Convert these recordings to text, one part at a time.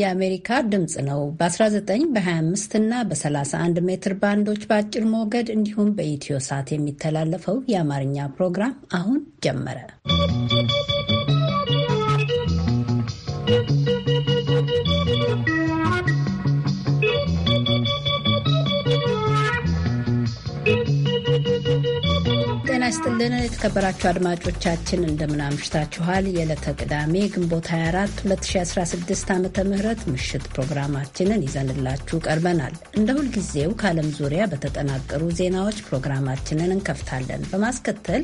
የአሜሪካ ድምፅ ነው። በ19 በ25 እና በ31 ሜትር ባንዶች በአጭር ሞገድ እንዲሁም በኢትዮ ሳት የሚተላለፈው የአማርኛ ፕሮግራም አሁን ጀመረ። ይስጥልን የተከበራችሁ አድማጮቻችን እንደምናምሽታችኋል። የዕለተ ቅዳሜ ግንቦት 24 2016 ዓ ም ምሽት ፕሮግራማችንን ይዘንላችሁ ቀርበናል። እንደ ሁልጊዜው ከዓለም ዙሪያ በተጠናቀሩ ዜናዎች ፕሮግራማችንን እንከፍታለን። በማስከተል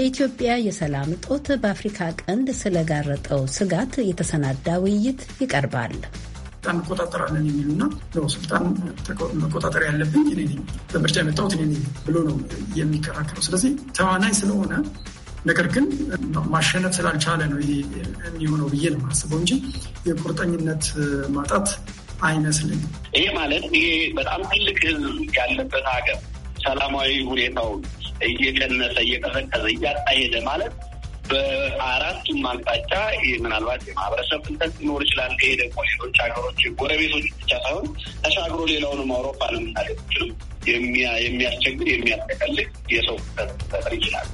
የኢትዮጵያ የሰላም እጦት በአፍሪካ ቀንድ ስለጋረጠው ስጋት የተሰናዳ ውይይት ይቀርባል። ስልጣን እንቆጣጠራለን የሚሉና ስልጣን መቆጣጠር ያለብኝ እኔ ነኝ፣ በምርጫ የመጣሁት እኔ ነኝ ብሎ ነው የሚከራከረው። ስለዚህ ተዋናይ ስለሆነ ነገር ግን ማሸነፍ ስላልቻለ ነው ይሄ የሚሆነው ብዬ ነው የማስበው እንጂ የቁርጠኝነት ማጣት አይመስልም። ይሄ ማለት ይሄ በጣም ትልቅ ህዝብ ያለበት ሀገር ሰላማዊ ሁኔታው እየቀነሰ እየቀዘቀዘ እያጣ ሄደ ማለት በአራቱም አቅጣጫ ምናልባት የማህበረሰብ ክንተት ሊኖር ይችላል። ይሄ ደግሞ ሌሎች ሀገሮች ጎረቤቶች ብቻ ሳይሆን ተሻግሮ ሌላውንም አውሮፓንም እና ሌሎችንም የሚያስቸግር የሚያጠቀልቅ የሰው ክንተት ሊፈጠር ይችላል።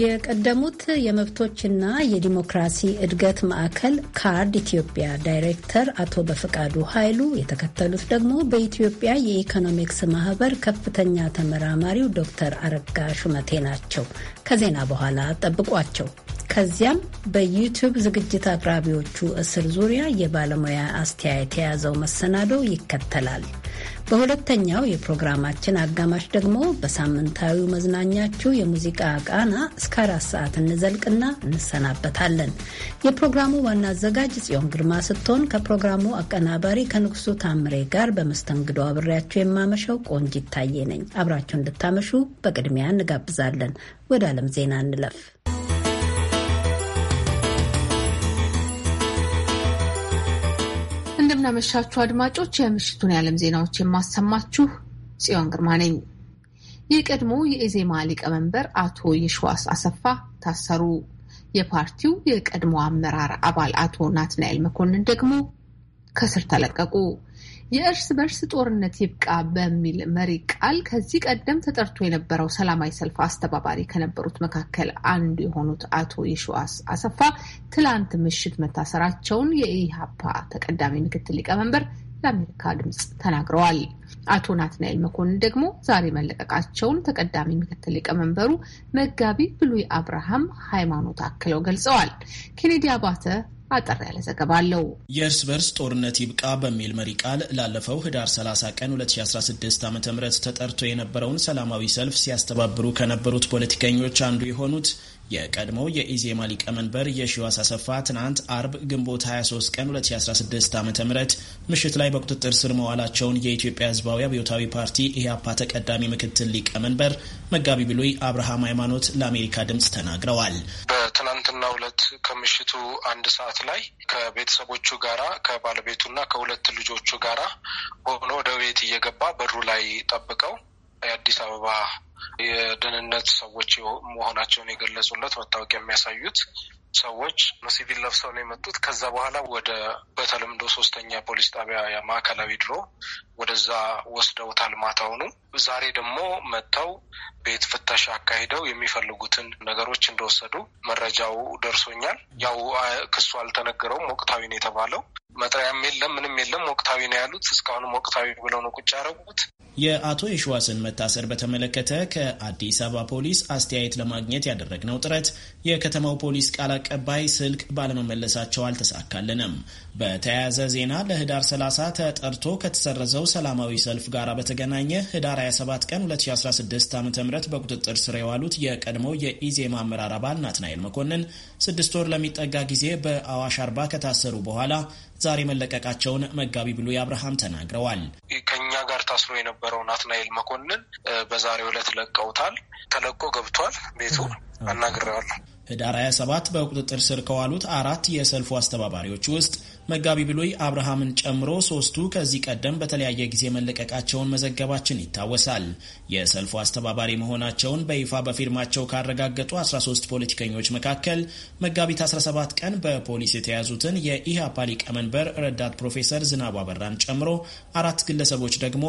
የቀደሙት የመብቶችና የዲሞክራሲ እድገት ማዕከል ካርድ ኢትዮጵያ ዳይሬክተር አቶ በፈቃዱ ኃይሉ የተከተሉት ደግሞ በኢትዮጵያ የኢኮኖሚክስ ማህበር ከፍተኛ ተመራማሪው ዶክተር አረጋ ሹመቴ ናቸው። ከዜና በኋላ ጠብቋቸው። ከዚያም በዩቲዩብ ዝግጅት አቅራቢዎቹ እስር ዙሪያ የባለሙያ አስተያየት የያዘው መሰናዶ ይከተላል። በሁለተኛው የፕሮግራማችን አጋማሽ ደግሞ በሳምንታዊው መዝናኛችሁ የሙዚቃ ቃና እስከ አራት ሰዓት እንዘልቅና እንሰናበታለን። የፕሮግራሙ ዋና አዘጋጅ ጽዮን ግርማ ስትሆን ከፕሮግራሙ አቀናባሪ ከንጉሱ ታምሬ ጋር በመስተንግዶ አብሬያችሁ የማመሸው ቆንጅ ይታየ ነኝ። አብራችሁ እንድታመሹ በቅድሚያ እንጋብዛለን። ወደ ዓለም ዜና እንለፍ። እንደምናመሻችሁ አድማጮች፣ የምሽቱን የዓለም ዜናዎች የማሰማችሁ ጽዮን ግርማ ነኝ። የቀድሞ የኢዜማ ሊቀመንበር አቶ የሸዋስ አሰፋ ታሰሩ። የፓርቲው የቀድሞ አመራር አባል አቶ ናትናኤል መኮንን ደግሞ ከስር ተለቀቁ። የእርስ በርስ ጦርነት ይብቃ በሚል መሪ ቃል ከዚህ ቀደም ተጠርቶ የነበረው ሰላማዊ ሰልፍ አስተባባሪ ከነበሩት መካከል አንዱ የሆኑት አቶ የሸዋስ አሰፋ ትላንት ምሽት መታሰራቸውን የኢሃፓ ተቀዳሚ ምክትል ሊቀመንበር ለአሜሪካ ድምፅ ተናግረዋል። አቶ ናትናኤል መኮንን ደግሞ ዛሬ መለቀቃቸውን ተቀዳሚ ምክትል ሊቀመንበሩ መጋቢ ብሉይ አብርሃም ሃይማኖት አክለው ገልጸዋል። ኬኔዲ አባተ አጠር ያለ ዘገባ አለው። የእርስ በርስ ጦርነት ይብቃ በሚል መሪ ቃል ላለፈው ህዳር 30 ቀን 2016 ዓ ም ተጠርቶ የነበረውን ሰላማዊ ሰልፍ ሲያስተባብሩ ከነበሩት ፖለቲከኞች አንዱ የሆኑት የቀድሞው የኢዜማ ሊቀመንበር የሺዋስ አሰፋ ትናንት አርብ ግንቦት 23 ቀን 2016 ዓ ም ምሽት ላይ በቁጥጥር ስር መዋላቸውን የኢትዮጵያ ሕዝባዊ አብዮታዊ ፓርቲ ኢህአፓ ተቀዳሚ ምክትል ሊቀመንበር መጋቢ ብሉይ አብርሃም ሃይማኖት ለአሜሪካ ድምፅ ተናግረዋል። በትናንትና ሁለት ከምሽቱ አንድ ሰዓት ላይ ከቤተሰቦቹ ጋራ ከባለቤቱና ከሁለት ልጆቹ ጋራ ሆኖ ወደ ቤት እየገባ በሩ ላይ ጠብቀው የአዲስ አበባ የደህንነት ሰዎች መሆናቸውን የገለጹለት መታወቂያ የሚያሳዩት ሰዎች ሲቪል ለብሰው ነው የመጡት። ከዛ በኋላ ወደ በተለምዶ ሶስተኛ ፖሊስ ጣቢያ ማዕከላዊ ድሮ ወደዛ ወስደውታል ማታውኑ። ዛሬ ደግሞ መጥተው ቤት ፍተሻ አካሂደው የሚፈልጉትን ነገሮች እንደወሰዱ መረጃው ደርሶኛል። ያው ክሱ አልተነገረውም። ወቅታዊ ነው የተባለው። መጥሪያም የለም፣ ምንም የለም። ወቅታዊ ነው ያሉት። እስካሁንም ወቅታዊ ብለው ነው ቁጭ ያደረጉት። የአቶ የሸዋስን መታሰር በተመለከተ ከአዲስ አበባ ፖሊስ አስተያየት ለማግኘት ያደረግነው ጥረት የከተማው ፖሊስ ቃል አቀባይ ስልክ ባለመመለሳቸው አልተሳካልንም። በተያያዘ ዜና ለህዳር 30 ተጠርቶ ከተሰረዘው ሰላማዊ ሰልፍ ጋር በተገናኘ ህዳር 27 ቀን 2016 ዓ ም በቁጥጥር ስር የዋሉት የቀድሞ የኢዜማ አመራር አባል ናትናኤል መኮንን ስድስት ወር ለሚጠጋ ጊዜ በአዋሽ አርባ ከታሰሩ በኋላ ዛሬ መለቀቃቸውን መጋቢ ብሉይ አብርሃም ተናግረዋል። ከኛ ጋር ታስሮ የነበረው ናትናኤል መኮንን በዛሬው ዕለት ለቀውታል። ተለቆ ገብቷል ቤቱ አናግረዋል። ህዳር 27 በቁጥጥር ስር ከዋሉት አራት የሰልፉ አስተባባሪዎች ውስጥ መጋቢ ብሉይ አብርሃምን ጨምሮ ሶስቱ ከዚህ ቀደም በተለያየ ጊዜ መለቀቃቸውን መዘገባችን ይታወሳል። የሰልፉ አስተባባሪ መሆናቸውን በይፋ በፊርማቸው ካረጋገጡ 13 ፖለቲከኞች መካከል መጋቢት 17 ቀን በፖሊስ የተያዙትን የኢህአፓ ሊቀመንበር ረዳት ፕሮፌሰር ዝናቡ አበራን ጨምሮ አራት ግለሰቦች ደግሞ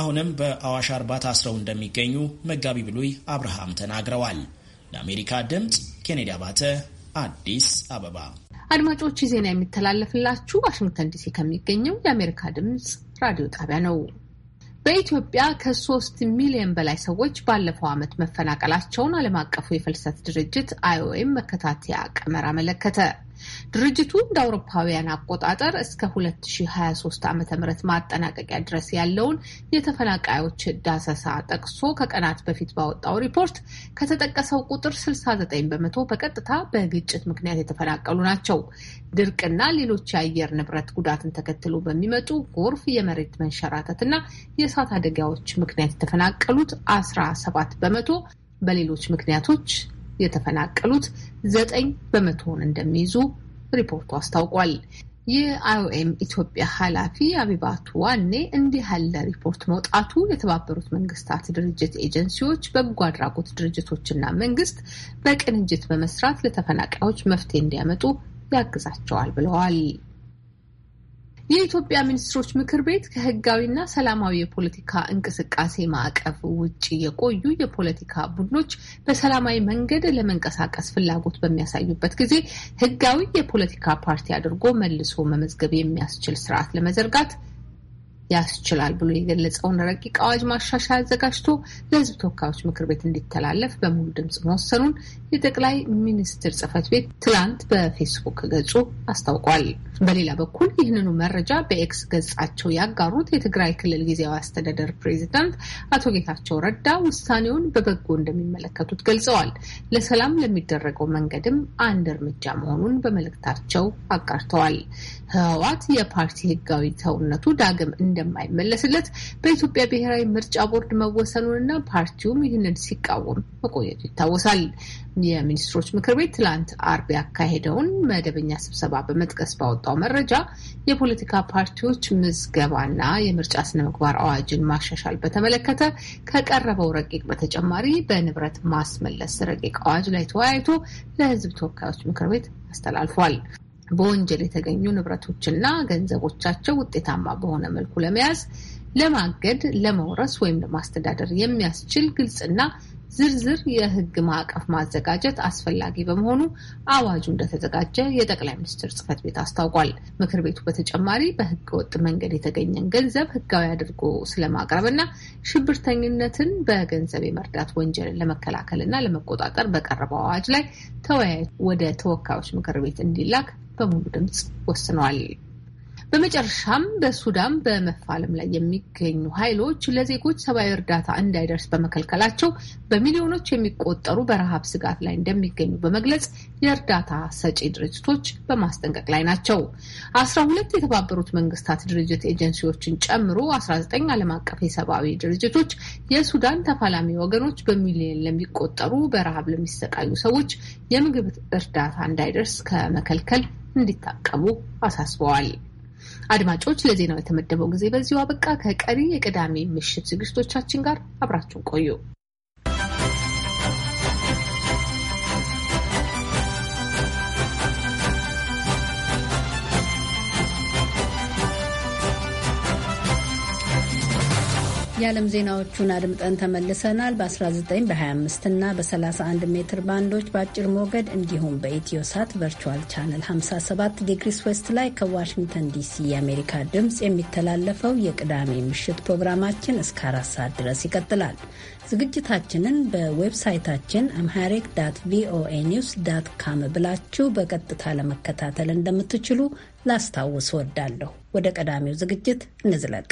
አሁንም በአዋሽ አርባ ታስረው እንደሚገኙ መጋቢ ብሉይ አብርሃም ተናግረዋል። ለአሜሪካ ድምፅ ኬኔዲ አባተ አዲስ አበባ። አድማጮች ዜና የሚተላለፍላችሁ ዋሽንግተን ዲሲ ከሚገኘው የአሜሪካ ድምፅ ራዲዮ ጣቢያ ነው። በኢትዮጵያ ከሶስት ሚሊዮን በላይ ሰዎች ባለፈው ዓመት መፈናቀላቸውን ዓለም አቀፉ የፍልሰት ድርጅት አይኦኤም መከታተያ ቀመር አመለከተ። ድርጅቱ እንደ አውሮፓውያን አቆጣጠር እስከ 2023 ዓ ም ማጠናቀቂያ ድረስ ያለውን የተፈናቃዮች ዳሰሳ ጠቅሶ ከቀናት በፊት ባወጣው ሪፖርት ከተጠቀሰው ቁጥር 69 በመቶ በቀጥታ በግጭት ምክንያት የተፈናቀሉ ናቸው። ድርቅና ሌሎች የአየር ንብረት ጉዳትን ተከትሎ በሚመጡ ጎርፍ፣ የመሬት መንሸራተትና የእሳት አደጋዎች ምክንያት የተፈናቀሉት 17 በመቶ በሌሎች ምክንያቶች የተፈናቀሉት ዘጠኝ በመቶውን እንደሚይዙ ሪፖርቱ አስታውቋል። የአይኦኤም ኢትዮጵያ ኃላፊ አቢባቱ ዋኔ እንዲህ ያለ ሪፖርት መውጣቱ የተባበሩት መንግስታት ድርጅት ኤጀንሲዎች፣ በጎ አድራጎት ድርጅቶችና መንግስት በቅንጅት በመስራት ለተፈናቃዮች መፍትሄ እንዲያመጡ ያግዛቸዋል ብለዋል። የኢትዮጵያ ሚኒስትሮች ምክር ቤት ከህጋዊና ሰላማዊ የፖለቲካ እንቅስቃሴ ማዕቀፍ ውጭ የቆዩ የፖለቲካ ቡድኖች በሰላማዊ መንገድ ለመንቀሳቀስ ፍላጎት በሚያሳዩበት ጊዜ ህጋዊ የፖለቲካ ፓርቲ አድርጎ መልሶ መመዝገብ የሚያስችል ስርዓት ለመዘርጋት ያስችላል ብሎ የገለጸውን ረቂቅ አዋጅ ማሻሻያ አዘጋጅቶ ለሕዝብ ተወካዮች ምክር ቤት እንዲተላለፍ በሙሉ ድምፅ መወሰኑን የጠቅላይ ሚኒስትር ጽህፈት ቤት ትላንት በፌስቡክ ገጹ አስታውቋል። በሌላ በኩል ይህንኑ መረጃ በኤክስ ገጻቸው ያጋሩት የትግራይ ክልል ጊዜያዊ አስተዳደር ፕሬዚዳንት አቶ ጌታቸው ረዳ ውሳኔውን በበጎ እንደሚመለከቱት ገልጸዋል። ለሰላም ለሚደረገው መንገድም አንድ እርምጃ መሆኑን በመልእክታቸው አጋርተዋል። ህወሓት የፓርቲ ህጋዊ ሰውነቱ ዳግም እንደማይመለስለት በኢትዮጵያ ብሔራዊ ምርጫ ቦርድ መወሰኑንና ፓርቲውም ይህንን ሲቃወም መቆየቱ ይታወሳል። የሚኒስትሮች ምክር ቤት ትላንት አርብ ያካሄደውን መደበኛ ስብሰባ በመጥቀስ ባወጣው መረጃ የፖለቲካ ፓርቲዎች ምዝገባና የምርጫ ስነ ምግባር አዋጅን ማሻሻል በተመለከተ ከቀረበው ረቂቅ በተጨማሪ በንብረት ማስመለስ ረቂቅ አዋጅ ላይ ተወያይቶ ለህዝብ ተወካዮች ምክር ቤት አስተላልፏል። በወንጀል የተገኙ ንብረቶችና ገንዘቦቻቸው ውጤታማ በሆነ መልኩ ለመያዝ፣ ለማገድ፣ ለመውረስ ወይም ለማስተዳደር የሚያስችል ግልጽና ዝርዝር የሕግ ማዕቀፍ ማዘጋጀት አስፈላጊ በመሆኑ አዋጁ እንደተዘጋጀ የጠቅላይ ሚኒስትር ጽህፈት ቤት አስታውቋል። ምክር ቤቱ በተጨማሪ በሕገ ወጥ መንገድ የተገኘን ገንዘብ ሕጋዊ አድርጎ ስለማቅረብና ሽብርተኝነትን በገንዘብ የመርዳት ወንጀልን ለመከላከልና ለመቆጣጠር በቀረበው አዋጅ ላይ ተወያይ ወደ ተወካዮች ምክር ቤት እንዲላክ በሙሉ ድምፅ ወስኗል። በመጨረሻም በሱዳን በመፋለም ላይ የሚገኙ ኃይሎች ለዜጎች ሰብአዊ እርዳታ እንዳይደርስ በመከልከላቸው በሚሊዮኖች የሚቆጠሩ በረሃብ ስጋት ላይ እንደሚገኙ በመግለጽ የእርዳታ ሰጪ ድርጅቶች በማስጠንቀቅ ላይ ናቸው። አስራ ሁለት የተባበሩት መንግስታት ድርጅት ኤጀንሲዎችን ጨምሮ አስራ ዘጠኝ ዓለም አቀፍ የሰብአዊ ድርጅቶች የሱዳን ተፋላሚ ወገኖች በሚሊዮን ለሚቆጠሩ በረሃብ ለሚሰቃዩ ሰዎች የምግብ እርዳታ እንዳይደርስ ከመከልከል እንዲታቀቡ አሳስበዋል። አድማጮች፣ ለዜናው የተመደበው ጊዜ በዚሁ አበቃ። ከቀሪ የቅዳሜ ምሽት ዝግጅቶቻችን ጋር አብራችሁን ቆዩ። የዓለም ዜናዎቹን አድምጠን ተመልሰናል። በ19 በ25 እና በ31 ሜትር ባንዶች በአጭር ሞገድ እንዲሁም በኢትዮ ሳት ቨርቹዋል ቻነል 57 ዲግሪስ ዌስት ላይ ከዋሽንግተን ዲሲ የአሜሪካ ድምፅ የሚተላለፈው የቅዳሜ ምሽት ፕሮግራማችን እስከ አራት ሰዓት ድረስ ይቀጥላል። ዝግጅታችንን በዌብሳይታችን አምሃሪክ ዳት ቪኦኤ ኒውስ ዳት ካም ብላችሁ በቀጥታ ለመከታተል እንደምትችሉ ላስታውስ ወዳለሁ። ወደ ቀዳሚው ዝግጅት እንዝለቅ።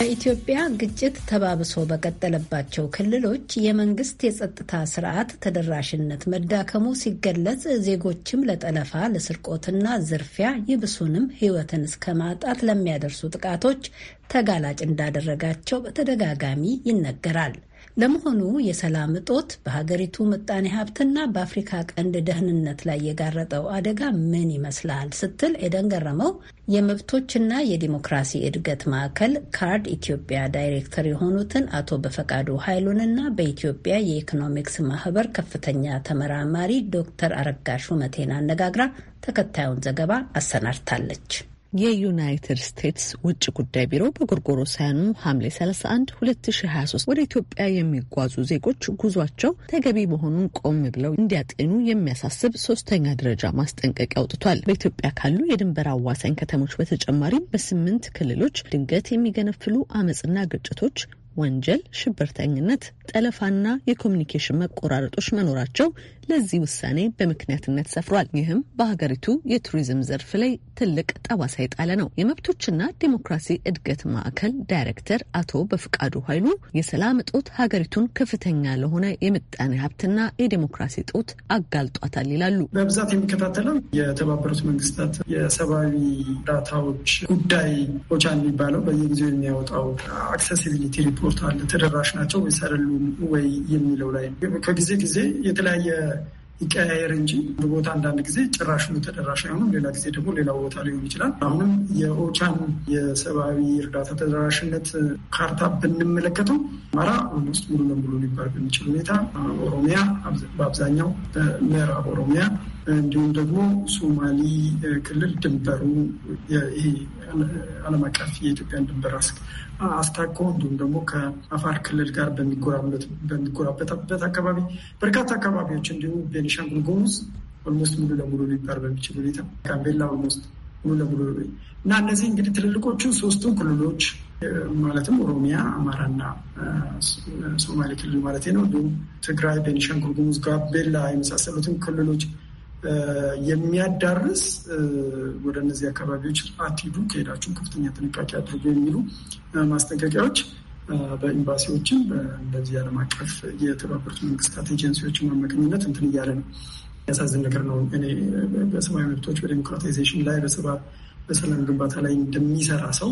በኢትዮጵያ ግጭት ተባብሶ በቀጠለባቸው ክልሎች የመንግስት የጸጥታ ስርዓት ተደራሽነት መዳከሙ ሲገለጽ ዜጎችም ለጠለፋ፣ ለስርቆትና ዝርፊያ ይብሱንም ሕይወትን እስከ ማጣት ለሚያደርሱ ጥቃቶች ተጋላጭ እንዳደረጋቸው በተደጋጋሚ ይነገራል። ለመሆኑ የሰላም እጦት በሀገሪቱ ምጣኔ ሀብትና በአፍሪካ ቀንድ ደህንነት ላይ የጋረጠው አደጋ ምን ይመስላል ስትል ኤደን ገረመው የመብቶችና የዲሞክራሲ እድገት ማዕከል ካርድ ኢትዮጵያ ዳይሬክተር የሆኑትን አቶ በፈቃዱ ኃይሉንና በኢትዮጵያ የኢኮኖሚክስ ማህበር ከፍተኛ ተመራማሪ ዶክተር አረጋ ሹመቴን አነጋግራ ተከታዩን ዘገባ አሰናድታለች። የዩናይትድ ስቴትስ ውጭ ጉዳይ ቢሮ በጎርጎሮ ሳያኑ ሐምሌ 31 2023 ወደ ኢትዮጵያ የሚጓዙ ዜጎች ጉዟቸው ተገቢ መሆኑን ቆም ብለው እንዲያጤኑ የሚያሳስብ ሶስተኛ ደረጃ ማስጠንቀቂያ አውጥቷል። በኢትዮጵያ ካሉ የድንበር አዋሳኝ ከተሞች በተጨማሪም በስምንት ክልሎች ድንገት የሚገነፍሉ አመፅና ግጭቶች ወንጀል፣ ሽብርተኝነት፣ ጠለፋና የኮሚኒኬሽን መቆራረጦች መኖራቸው ለዚህ ውሳኔ በምክንያትነት ሰፍሯል። ይህም በሀገሪቱ የቱሪዝም ዘርፍ ላይ ትልቅ ጠባሳ የጣለ ነው። የመብቶችና ዴሞክራሲ እድገት ማዕከል ዳይሬክተር አቶ በፍቃዱ ኃይሉ የሰላም እጦት ሀገሪቱን ከፍተኛ ለሆነ የምጣኔ ሀብትና የዴሞክራሲ እጦት አጋልጧታል ይላሉ። በብዛት የሚከታተለው የተባበሩት መንግስታት የሰብአዊ እርዳታዎች ጉዳይ ኦቻ የሚባለው በየጊዜው የሚያወጣው አክሴሲቢሊቲ ሪፖርት አለ። ተደራሽ ናቸው ወይስ አይደሉም ወይ የሚለው ላይ ከጊዜ ጊዜ የተለያየ ይቀያየር እንጂ ቦታ አንዳንድ ጊዜ ጭራሽኑ ተደራሽ አይሆንም፣ ሌላ ጊዜ ደግሞ ሌላ ቦታ ሊሆን ይችላል። አሁንም የኦቻን የሰብአዊ እርዳታ ተደራሽነት ካርታ ብንመለከተው አማራ ውስጥ ሙሉ ለሙሉ ሊባል በሚችል ሁኔታ ኦሮሚያ በአብዛኛው በምዕራብ ኦሮሚያ እንዲሁም ደግሞ ሶማሌ ክልል ድንበሩ አለም ዓለም አቀፍ የኢትዮጵያን ድንበር አስታቆ እንዲሁም ደግሞ ከአፋር ክልል ጋር በሚጎራበት አካባቢ በርካታ አካባቢዎች እንዲሁም ቤኒሻንጉል ጉሙዝ ኦልሞስት ሙሉ ለሙሉ ሊባል በሚችል ሁኔታ ጋምቤላ ኦልሞስት ሙሉ ለሙሉ እና እነዚህ እንግዲህ ትልልቆቹን ሶስቱን ክልሎች ማለትም ኦሮሚያ፣ አማራና ሶማሌ ክልል ማለት ነው። እንዲሁም ትግራይ፣ ቤኒሻንጉል ጉሙዝ፣ ጋምቤላ የመሳሰሉትን ክልሎች የሚያዳርስ ወደ እነዚህ አካባቢዎች አትሂዱ፣ ከሄዳችሁ ከፍተኛ ጥንቃቄ አድርጉ የሚሉ ማስጠንቀቂያዎች በኤምባሲዎችም በእንደዚህ ዓለም አቀፍ የተባበሩት መንግስታት ኤጀንሲዎችን አማካኝነት እንትን እያለ ነው። ያሳዝን ነገር ነው። እኔ በሰብአዊ መብቶች በዴሞክራታይዜሽን ላይ በሰላም ግንባታ ላይ እንደሚሰራ ሰው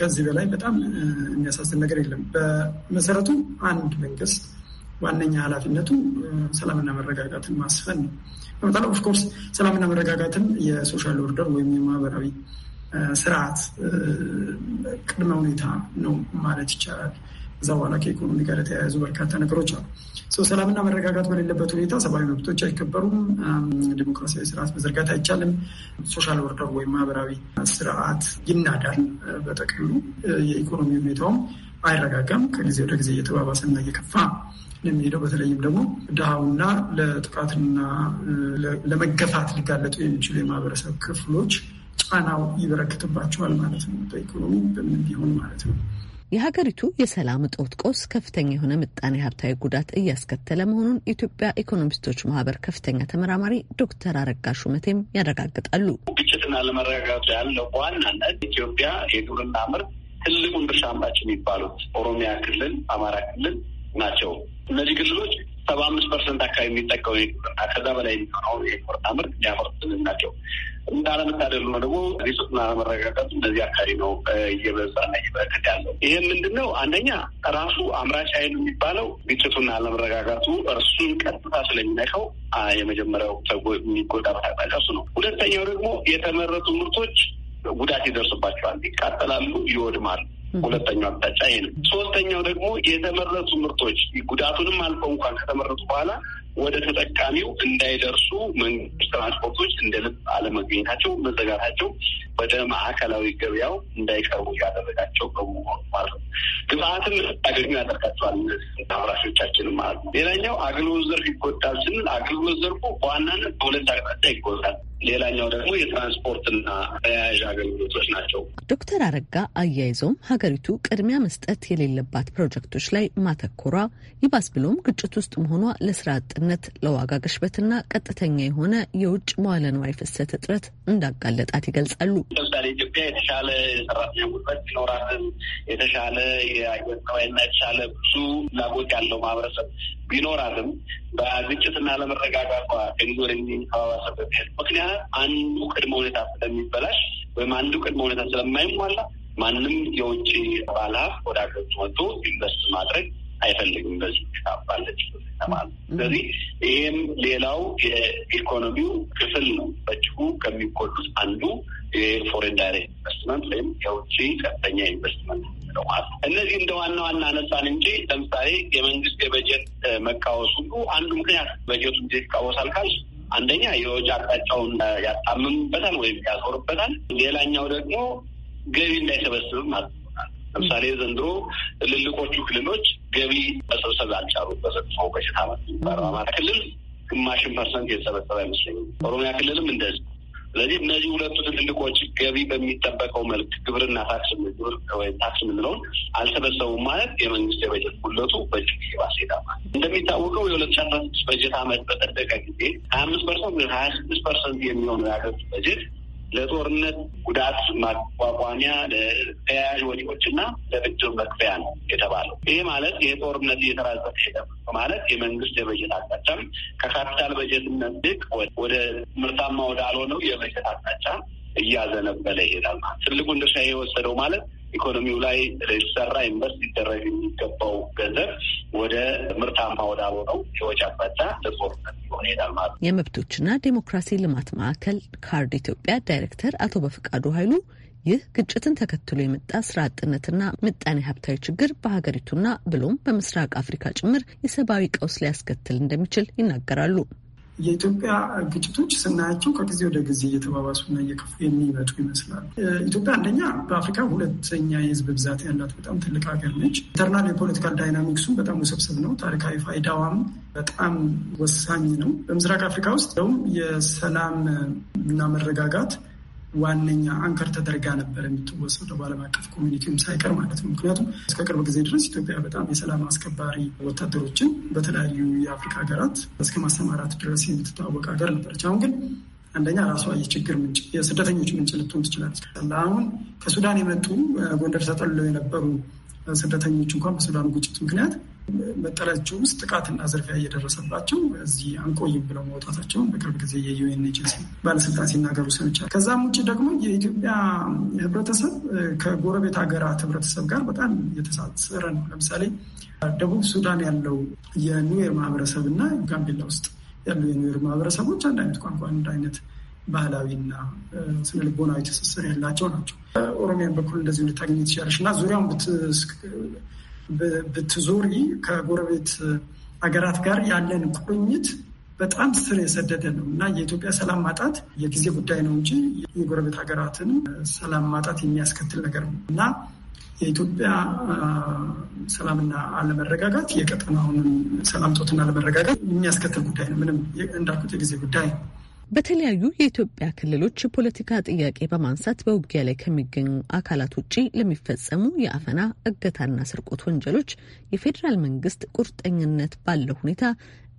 ከዚህ በላይ በጣም የሚያሳዝን ነገር የለም። በመሰረቱ አንድ መንግስት ዋነኛ ኃላፊነቱ ሰላምና መረጋጋትን ማስፈን ነው። በመጣለ ኦፍኮርስ ሰላምና መረጋጋትን የሶሻል ኦርደር ወይም የማህበራዊ ስርዓት ቅድመ ሁኔታ ነው ማለት ይቻላል። ከዛ በኋላ ከኢኮኖሚ ጋር የተያያዙ በርካታ ነገሮች አሉ። ሰላምና መረጋጋት በሌለበት ሁኔታ ሰብአዊ መብቶች አይከበሩም። ዲሞክራሲያዊ ስርዓት መዘርጋት አይቻልም። ሶሻል ወርደር ወይም ማህበራዊ ስርዓት ይናዳል። በጠቅሉ የኢኮኖሚ ሁኔታውም አይረጋጋም። ከጊዜ ወደ ጊዜ እየተባባሰና እየከፋ የሚሄደው በተለይም ደግሞ ድሃውና ለጥቃትና ለመገፋት ሊጋለጡ የሚችሉ የማህበረሰብ ክፍሎች ጫናው ይበረክትባቸዋል ማለት ነው። በኢኮኖሚ በምን ቢሆን ማለት ነው። የሀገሪቱ የሰላም እጦት ቀውስ ከፍተኛ የሆነ ምጣኔ ሀብታዊ ጉዳት እያስከተለ መሆኑን የኢትዮጵያ ኢኮኖሚስቶች ማህበር ከፍተኛ ተመራማሪ ዶክተር አረጋ ሹመቴም ያረጋግጣሉ። ግጭትና አለመረጋጋት ያለው በዋናነት ኢትዮጵያ የግብርና ምርት ትልቁን ድርሻ አምራች የሚባሉት ኦሮሚያ ክልል፣ አማራ ክልል ናቸው። እነዚህ ክልሎች ሰባ አምስት ፐርሰንት አካባቢ የሚጠቀሙ የግብርና ከዛ በላይ የሚሆነው የግብርና ምርት የሚያመርቱልን ናቸው። እንዳለመታደል ነው ደግሞ ሪሶርትና መረጋጋቱ እንደዚህ አካባቢ ነው እየበዛና እየበረከት ያለው። ይህም ምንድን ነው? አንደኛ ራሱ አምራች ኃይል የሚባለው ግጭቱና አለመረጋጋቱ እርሱን ቀጥታ ስለሚነካው የመጀመሪያው የሚጎዳበት አቅጣጫ እሱ ነው። ሁለተኛው ደግሞ የተመረቱ ምርቶች ጉዳት ይደርስባቸዋል፣ ይቃጠላሉ፣ ይወድማሉ። ሁለተኛው አቅጣጫ ይህ ነው። ሶስተኛው ደግሞ የተመረቱ ምርቶች ጉዳቱንም አልፈው እንኳን ከተመረቱ በኋላ ወደ ተጠቃሚው እንዳይደርሱ መንግስት ትራንስፖርቶች እንደ ልብ አለመገኘታቸው፣ መዘጋታቸው ወደ ማዕከላዊ ገበያው እንዳይቀርቡ ያደረጋቸው በመሆኑ ማለት ነው። ግብአትን አገኙ ያደርጋቸዋል አምራቾቻችን ማለት ነው። ሌላኛው አገልግሎት ዘርፍ ይጎዳል ስንል አገልግሎት ዘርፉ በዋናነት በሁለት አቅጣጫ ይጎዳል። ሌላኛው ደግሞ የትራንስፖርትና ተያያዥ አገልግሎቶች ናቸው። ዶክተር አረጋ አያይዘውም ሀገሪቱ ቅድሚያ መስጠት የሌለባት ፕሮጀክቶች ላይ ማተኮሯ ይባስ ብሎም ግጭት ውስጥ መሆኗ ለስራ አጥነት ጦርነት ለዋጋ ግሽበትና ቀጥተኛ የሆነ የውጭ መዋለ ንዋይ ፍሰት እጥረት እንዳጋለጣት ይገልጻሉ። ለምሳሌ ኢትዮጵያ የተሻለ ሰራተኛ ጉልበት ቢኖራትም የተሻለ የአየር ጠባይና የተሻለ ብዙ ፍላጎት ያለው ማህበረሰብ ቢኖራትም በግጭትና ለመረጋጋቷ ከጊዜ ወደ ምክንያት አንዱ ቅድመ ሁኔታ ስለሚበላሽ ወይም አንዱ ቅድመ ሁኔታ ስለማይሟላ ማንም የውጭ ባለሀብት ወደ ሀገሪቱ መጥቶ ኢንቨስት ማድረግ አይፈልግም። በዚህ ባለች ስለዚህ ይህም ሌላው የኢኮኖሚው ክፍል ነው። በእጅጉ ከሚጎዱት አንዱ የፎሬን ዳይሬክት ኢንቨስትመንት ወይም የውጭ ቀጥተኛ ኢንቨስትመንት ለዋል እነዚህ እንደ ዋና ዋና አነሳን እንጂ ለምሳሌ የመንግስት የበጀት መቃወስ ሁሉ አንዱ ምክንያት በጀቱ እንዴት ይቃወሳል ካልሽ አንደኛ የወጪ አቅጣጫውን ያጣምምበታል ወይም ያዞርበታል። ሌላኛው ደግሞ ገቢ እንዳይሰበስብም አድርጎታል። ለምሳሌ ዘንድሮ ትልልቆቹ ክልሎች ገቢ መሰብሰብ ያልቻሉ በዘጥፎ በሽታ የሚባለው አማራ ክልል ግማሽን ፐርሰንት የተሰበሰበ አይመስለኝም። ኦሮሚያ ክልልም እንደዚህ። ስለዚህ እነዚህ ሁለቱ ትልልቆች ገቢ በሚጠበቀው መልክ ግብርና ታክስ ወይም ታክስ የምንለውን አልሰበሰቡም ማለት የመንግስት የበጀት ጉለቱ በእጅግ ባሰ ማለት እንደሚታወቀው የሁለት ሺህ አስራ ስድስት በጀት አመት በጠደቀ ጊዜ ሀያ አምስት ፐርሰንት ሀያ ስድስት ፐርሰንት የሚሆነው የሀገሪቱ በጀት ለጦርነት ጉዳት ማቋቋሚያ፣ ለተያያዥ ወጪዎችና ለብድር መክፈያ ነው የተባለው። ይህ ማለት ይህ ጦርነት እየተራዘመ ሄደ ማለት የመንግስት የበጀት አቅጣጫም ከካፒታል በጀትነት ልቅ ወደ ምርታማ ወደ አልሆነው የበጀት አቅጣጫ እያዘነበለ ይሄዳል ማለት ትልቁን ድርሻ የወሰደው ማለት ኢኮኖሚው ላይ ሊሰራ ኢንቨስት ሊደረግ የሚገባው ገንዘብ ወደ ምርታማ ወደ አልሆነው የወጪ አቅጣጫ ተጽፎርነት ሆነ ይሄዳል ማለት ነው። የመብቶችና ዴሞክራሲ ልማት ማዕከል ካርድ ኢትዮጵያ ዳይሬክተር አቶ በፍቃዱ ኃይሉ ይህ ግጭትን ተከትሎ የመጣ ስራ አጥነትና ምጣኔ ሀብታዊ ችግር በሀገሪቱና ብሎም በምስራቅ አፍሪካ ጭምር የሰብአዊ ቀውስ ሊያስከትል እንደሚችል ይናገራሉ። የኢትዮጵያ ግጭቶች ስናያቸው ከጊዜ ወደ ጊዜ እየተባባሱና እየከፉ የሚመጡ ይመስላሉ። ኢትዮጵያ አንደኛ በአፍሪካ ሁለተኛ የህዝብ ብዛት ያላት በጣም ትልቅ ሀገር ነች። ኢንተርናል የፖለቲካል ዳይናሚክሱም በጣም ውስብስብ ነው። ታሪካዊ ፋይዳዋም በጣም ወሳኝ ነው። በምስራቅ አፍሪካ ውስጥ ደውም የሰላም እና መረጋጋት ዋነኛ አንከር ተደርጋ ነበር የምትወሰደው በዓለም አቀፍ ኮሚኒቲውም ሳይቀር ማለት ነው። ምክንያቱም እስከ ቅርብ ጊዜ ድረስ ኢትዮጵያ በጣም የሰላም አስከባሪ ወታደሮችን በተለያዩ የአፍሪካ ሀገራት እስከ ማሰማራት ድረስ የምትታወቅ ሀገር ነበረች። አሁን ግን አንደኛ ራሷ የችግር ምንጭ የስደተኞች ምንጭ ልትሆን ትችላለች። አሁን ከሱዳን የመጡ ጎንደር ተጠልለው የነበሩ ስደተኞች እንኳን በሱዳኑ ግጭት ምክንያት መጠለያቸው ውስጥ ጥቃትና ዝርፊያ እየደረሰባቸው እዚህ አንቆይም ብለው መውጣታቸውን በቅርብ ጊዜ የዩኤን ኤጀንሲ ባለስልጣን ሲናገሩ ሰምቻለሁ። ከዛም ውጭ ደግሞ የኢትዮጵያ ህብረተሰብ ከጎረቤት ሀገራት ህብረተሰብ ጋር በጣም የተሳሰረ ነው። ለምሳሌ ደቡብ ሱዳን ያለው የኑዌር ማህበረሰብ እና ጋምቤላ ውስጥ ያሉ የኑዌር ማህበረሰቦች አንድ አይነት ቋንቋ፣ አንድ አይነት ባህላዊና ስነ ልቦናዊ ትስስር ያላቸው ናቸው። ኦሮሚያን በኩል እንደዚህ ልታገኝ ትችላለች እና ዙሪያውን ብትዞሪ ከጎረቤት ሀገራት ጋር ያለን ቁርኝት በጣም ስር የሰደደ ነው እና የኢትዮጵያ ሰላም ማጣት የጊዜ ጉዳይ ነው እንጂ የጎረቤት ሀገራትን ሰላም ማጣት የሚያስከትል ነገር ነው እና የኢትዮጵያ ሰላምና አለመረጋጋት የቀጠናውንም ሰላም ጦትና አለመረጋጋት የሚያስከትል ጉዳይ ነው። ምንም እንዳልኩት የጊዜ ጉዳይ ነው። በተለያዩ የኢትዮጵያ ክልሎች የፖለቲካ ጥያቄ በማንሳት በውጊያ ላይ ከሚገኙ አካላት ውጪ ለሚፈጸሙ የአፈና እገታና ስርቆት ወንጀሎች የፌዴራል መንግስት ቁርጠኝነት ባለው ሁኔታ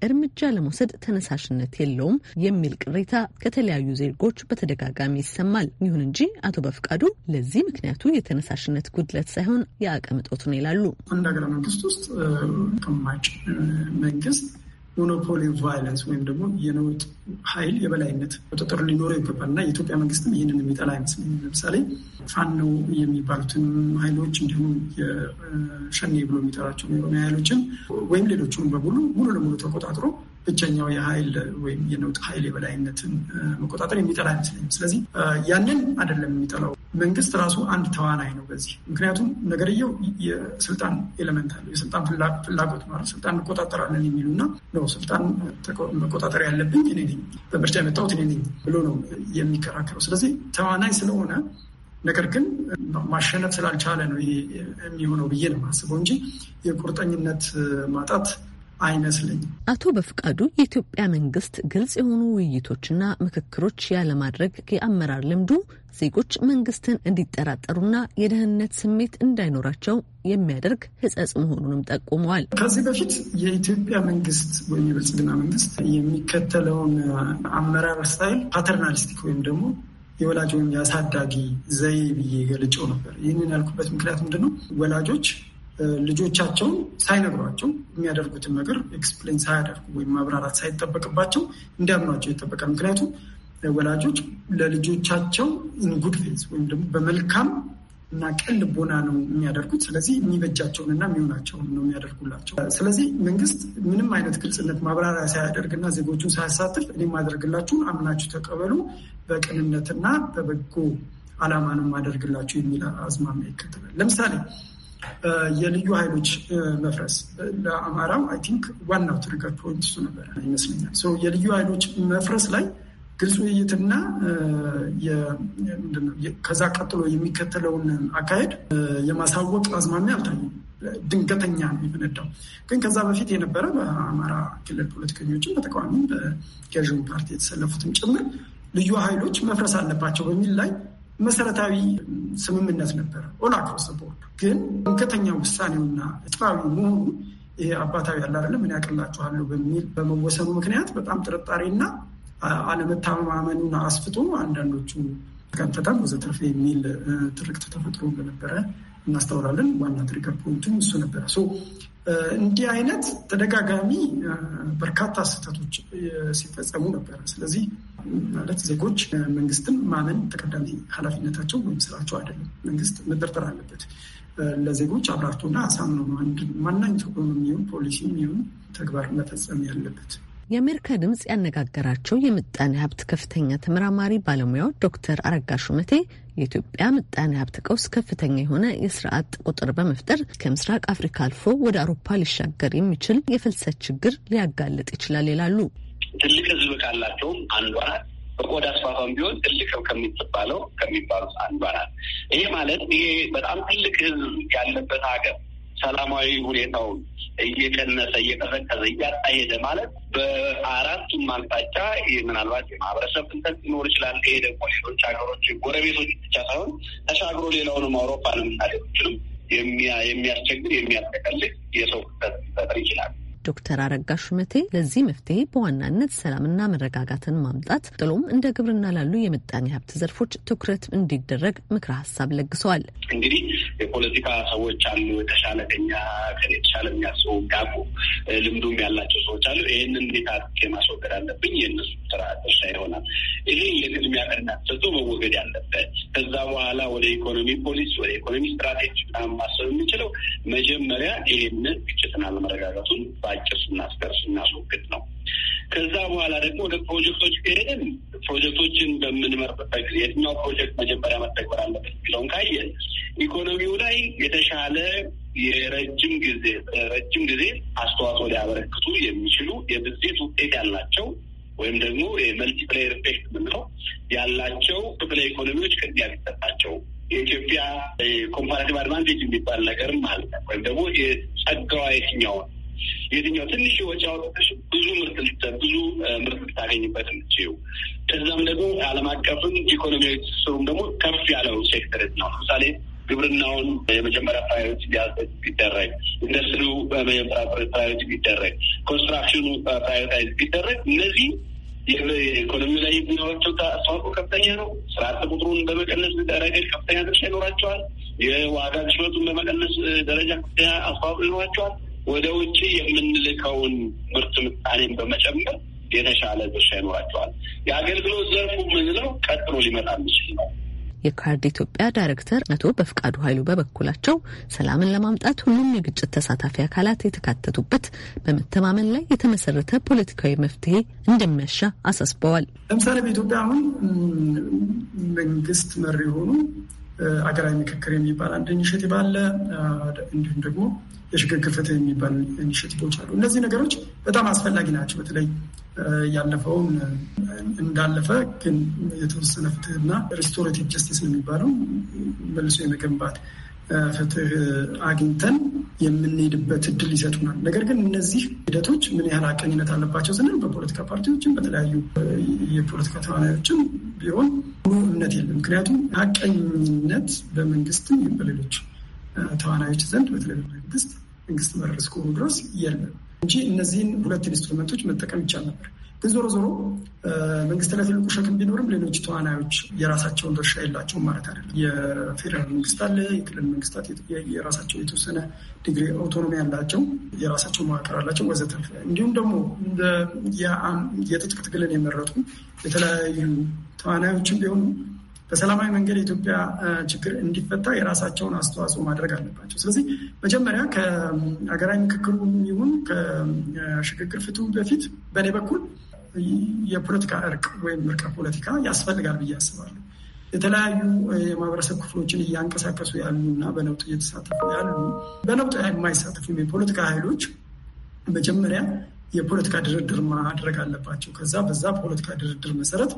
እርምጃ ለመውሰድ ተነሳሽነት የለውም የሚል ቅሬታ ከተለያዩ ዜጎች በተደጋጋሚ ይሰማል። ይሁን እንጂ አቶ በፍቃዱ ለዚህ ምክንያቱ የተነሳሽነት ጉድለት ሳይሆን የአቅም እጦት ነው ይላሉ። እንደ ሀገረ መንግስት ውስጥ ግማጭ መንግስት ሞኖፖሊ ቫይለንስ ወይም ደግሞ የነውጥ ኃይል የበላይነት ቁጥጥር ሊኖረው ይገባል እና የኢትዮጵያ መንግስትም ይህንን የሚጠላ አይመስለኝ። ለምሳሌ ፋኖ የሚባሉትን ኃይሎች እንዲሁም የሸኔ ብሎ የሚጠራቸው የኦሮሚያ ኃይሎችን ወይም ሌሎችን በሙሉ ሙሉ ለሙሉ ተቆጣጥሮ ብቸኛው የኃይል ወይም የነውጥ ኃይል የበላይነትን መቆጣጠር የሚጠላ አይመስለኝም። ስለዚህ ያንን አይደለም የሚጠላው መንግስት ራሱ አንድ ተዋናይ ነው በዚህ ምክንያቱም ነገርየው የስልጣን ኤሌመንት አለው። የስልጣን ፍላጎት ማለት ስልጣን እንቆጣጠራለን የሚሉ እና ነው ስልጣን መቆጣጠር ያለብኝ እኔ ነኝ፣ በምርጫ የመጣሁት እኔ ነኝ ብሎ ነው የሚከራከረው። ስለዚህ ተዋናይ ስለሆነ ነገር ግን ማሸነፍ ስላልቻለ ነው ይሄ የሚሆነው ብዬ ነው የማስበው እንጂ የቁርጠኝነት ማጣት አይመስለኝም። አቶ በፍቃዱ የኢትዮጵያ መንግስት ግልጽ የሆኑ ውይይቶችና ምክክሮች ያለማድረግ የአመራር ልምዱ ዜጎች መንግስትን እንዲጠራጠሩና የደህንነት ስሜት እንዳይኖራቸው የሚያደርግ ህጸጽ መሆኑንም ጠቁመዋል። ከዚህ በፊት የኢትዮጵያ መንግስት ወይም የብልጽግና መንግስት የሚከተለውን አመራር ስታይል ፓተርናሊስቲክ ወይም ደግሞ የወላጅ ወይም የአሳዳጊ ዘዬ ብዬ ገልጬው ነበር። ይህንን ያልኩበት ምክንያት ምንድነው? ወላጆች ልጆቻቸውን ሳይነግሯቸው የሚያደርጉትን ነገር ኤክስፕሌን ሳያደርጉ ወይም ማብራራት ሳይጠበቅባቸው እንዲያምኗቸው የጠበቀ ምክንያቱም ወላጆች ለልጆቻቸው ኢንጉድ ፌዝ ወይም ደግሞ በመልካም እና ቀል ልቦና ነው የሚያደርጉት። ስለዚህ የሚበጃቸውን እና የሚሆናቸውን ነው የሚያደርጉላቸው። ስለዚህ መንግስት ምንም አይነት ግልጽነት ማብራሪያ ሳያደርግና ዜጎቹን ሳያሳትፍ እኔ ማደርግላችሁን አምናችሁ ተቀበሉ፣ በቅንነትና በበጎ አላማ ነው ማደርግላችሁ የሚል አዝማሚያ ይከተላል። ለምሳሌ የልዩ ኃይሎች መፍረስ ለአማራው አይ ቲንክ ዋናው ትሪገር ፖይንት እሱ ነበር ይመስለኛል። የልዩ ኃይሎች መፍረስ ላይ ግልጽ ውይይትና ከዛ ቀጥሎ የሚከተለውን አካሄድ የማሳወቅ አዝማሚያ አልታየም። ድንገተኛ ነው የፈነዳው። ግን ከዛ በፊት የነበረ በአማራ ክልል ፖለቲከኞችም በተቃዋሚ በገዥውን ፓርቲ የተሰለፉትም ጭምር ልዩ ኃይሎች መፍረስ አለባቸው በሚል ላይ መሰረታዊ ስምምነት ነበር። ኦላክሮስ ቦርድ ግን እንከተኛ ውሳኔውና ህዝባዊ መሆኑ ይሄ አባታዊ ያለ ምን ያቅላችኋለሁ በሚል በመወሰኑ ምክንያት በጣም ጥርጣሬና አለመተማመኑን አስፍቶ አንዳንዶቹ ተቀጥተም ወዘተርፈ የሚል ትርክት ተፈጥሮ እንደነበረ እናስተውላለን። ዋና ትሪገር ፖይንቱ እሱ ነበረ። እንዲህ አይነት ተደጋጋሚ በርካታ ስህተቶች ሲፈጸሙ ነበረ። ስለዚህ ማለት ዜጎች መንግስትን ማመን ተቀዳሚ ኃላፊነታቸው ወይም ስራቸው አይደለም። መንግስት መጠርጠር አለበት። ለዜጎች አብራርቶና አሳምኖ ማናቸው የሚሆን ፖሊሲ የሚሆን ተግባር መፈጸም ያለበት የአሜሪካ ድምጽ ያነጋገራቸው የምጣኔ ሀብት ከፍተኛ ተመራማሪ ባለሙያው ዶክተር አረጋ ሹመቴ የኢትዮጵያ ምጣኔ ሀብት ቀውስ ከፍተኛ የሆነ የስራ አጥ ቁጥር በመፍጠር ከምስራቅ አፍሪካ አልፎ ወደ አውሮፓ ሊሻገር የሚችል የፍልሰት ችግር ሊያጋልጥ ይችላል ይላሉ። ትልቅ ህዝብ ካላቸውም አንዷ ናት። በቆዳ አስፋፋም ቢሆን ትልቅ ከሚባለው ከሚባሉት አንዷ ናት። ይሄ ማለት ይሄ በጣም ትልቅ ህዝብ ያለበት ሀገር ሰላማዊ ሁኔታውን እየቀነሰ እየቀዘቀዘ እያጣ ሄደ ማለት በአራቱም አቅጣጫ ምናልባት የማህበረሰብ ፍልጠት ሊኖር ይችላል። ይሄ ደግሞ ሌሎች ሀገሮች ጎረቤቶች ብቻ ሳይሆን ተሻግሮ ሌላውንም አውሮፓንም እና ሌሎችንም የሚያስቸግር የሚያጠቀልቅ የሰው ፍልጠት ሊፈጥር ይችላል። ዶክተር አረጋ ሹመቴ ለዚህ መፍትሄ በዋናነት ሰላምና መረጋጋትን ማምጣት ጥሎም እንደ ግብርና ላሉ የምጣኔ ሀብት ዘርፎች ትኩረት እንዲደረግ ምክረ ሀሳብ ለግሰዋል። እንግዲህ የፖለቲካ ሰዎች አሉ፣ የተሻለ ከኛ የተሻለ የሚያስቡ ጋቁ ልምዱም ያላቸው ሰዎች አሉ። ይህንን እንዴት አድርጌ ማስወገድ አለብኝ? የእነሱ ስራ ድርሻ ይሆናል። ይሄ የቅድሚያ ቀድሚያ ተሰጥቶ መወገድ ያለበት ከዛ በኋላ ወደ ኢኮኖሚ ፖሊሲ፣ ወደ ኢኮኖሚ ስትራቴጂ ማሰብ የምንችለው መጀመሪያ ይህንን ግጭትና አለመረጋጋቱን ጭስ እና ስናስወግድ ነው። ከዛ በኋላ ደግሞ ወደ ፕሮጀክቶች ከሄድን ፕሮጀክቶችን በምንመርጥበት ጊዜ የትኛው ፕሮጀክት መጀመሪያ መተግበር አለበት የሚለውን ካየን ኢኮኖሚው ላይ የተሻለ የረጅም ጊዜ ረጅም ጊዜ አስተዋጽኦ ሊያበረክቱ የሚችሉ የብዜት ውጤት ያላቸው ወይም ደግሞ የመልቲፕሌየር ኢፌክት የምንለው ያላቸው ክፍለ ኢኮኖሚዎች ቅድሚያ ቢሰጣቸው የኢትዮጵያ ኮምፓራቲቭ አድቫንቴጅ የሚባል ነገርም አለ። ወይም ደግሞ የጸጋዋ የትኛውን የትኛው ትንሽ ወጪ አውጥተሽ ብዙ ምርት ብዙ ምርት ልታገኝበት ምችው ከዛም ደግሞ ዓለም አቀፍም ኢኮኖሚያዊ ትስስሩም ደግሞ ከፍ ያለው ሴክተር ነው። ለምሳሌ ግብርናውን የመጀመሪያ ፕራዮሪቲ ቢደረግ፣ ኢንዱስትሪው ፕራዮሪቲ ቢደረግ፣ ኮንስትራክሽኑ ፕራዮሪታይዝ ቢደረግ እነዚህ የኢኮኖሚ ላይ የሚኖራቸው አስተዋጽኦ ከፍተኛ ነው። ስራ አጥ ቁጥሩን በመቀነስ ረገድ ከፍተኛ ድርሻ ይኖራቸዋል። የዋጋ ግሽበቱን በመቀነስ ደረጃ ከፍተኛ አስተዋጽኦ ይኖራቸዋል። ወደ ውጭ የምንልከውን ምርት ምጣኔን በመጨመር የተሻለ ድርሻ ይኖራቸዋል። የአገልግሎት ዘርፉ ምንለው ቀጥሎ ሊመጣ የሚችል ነው። የካርድ ኢትዮጵያ ዳይሬክተር አቶ በፍቃዱ ኃይሉ በበኩላቸው ሰላምን ለማምጣት ሁሉም የግጭት ተሳታፊ አካላት የተካተቱበት በመተማመን ላይ የተመሰረተ ፖለቲካዊ መፍትሄ እንደሚያሻ አሳስበዋል። ለምሳሌ በኢትዮጵያ አሁን መንግስት መሪ የሆኑ አገራዊ ምክክር የሚባል አንድ ኢኒሽቲቭ አለ። እንዲሁም ደግሞ የሽግግር ፍትህ የሚባል ኢኒሽቲቮች አሉ። እነዚህ ነገሮች በጣም አስፈላጊ ናቸው። በተለይ ያለፈውን እንዳለፈ ግን የተወሰነ ፍትህና ሪስቶሬቲቭ ጀስቲስ ነው የሚባለው መልሶ የመገንባት ፍትህ አግኝተን የምንሄድበት እድል ይሰጡናል። ነገር ግን እነዚህ ሂደቶች ምን ያህል አቀኝነት አለባቸው ስንል በፖለቲካ ፓርቲዎችም በተለያዩ የፖለቲካ ተዋናዮችም ቢሆን ሙሉ እምነት የለም። ምክንያቱም ሀቀኝነት በመንግስትም በሌሎች ተዋናዮች ዘንድ በተለይ በመንግስት መንግስት መረስ ከሆኑ ድረስ የለም። እንጂ እነዚህን ሁለት ኢንስትሩመንቶች መጠቀም ይቻል ነበር። ግን ዞሮ ዞሮ መንግስት ላይ ትልቁ ሸክም ቢኖርም ሌሎች ተዋናዮች የራሳቸውን ድርሻ የላቸውም ማለት አይደለም። የፌዴራል መንግስት አለ፣ የክልል መንግስታት የራሳቸው የተወሰነ ዲግሪ አውቶኖሚ ያላቸው፣ የራሳቸው መዋቅር አላቸው ወዘተ። እንዲሁም ደግሞ የትጥቅ ትግልን የመረጡ የተለያዩ ተዋናዮችን ቢሆኑ በሰላማዊ መንገድ የኢትዮጵያ ችግር እንዲፈታ የራሳቸውን አስተዋጽኦ ማድረግ አለባቸው። ስለዚህ መጀመሪያ ከሀገራዊ ምክክሩ ይሁን ከሽግግር ፍትሁ በፊት በእኔ በኩል የፖለቲካ እርቅ ወይም እርቀ ፖለቲካ ያስፈልጋል ብዬ አስባለሁ። የተለያዩ የማህበረሰብ ክፍሎችን እያንቀሳቀሱ ያሉ እና በነውጥ እየተሳተፉ ያሉ በነውጥ የማይሳተፉ የፖለቲካ ኃይሎች መጀመሪያ የፖለቲካ ድርድር ማድረግ አለባቸው። ከዛ በዛ ፖለቲካ ድርድር መሰረት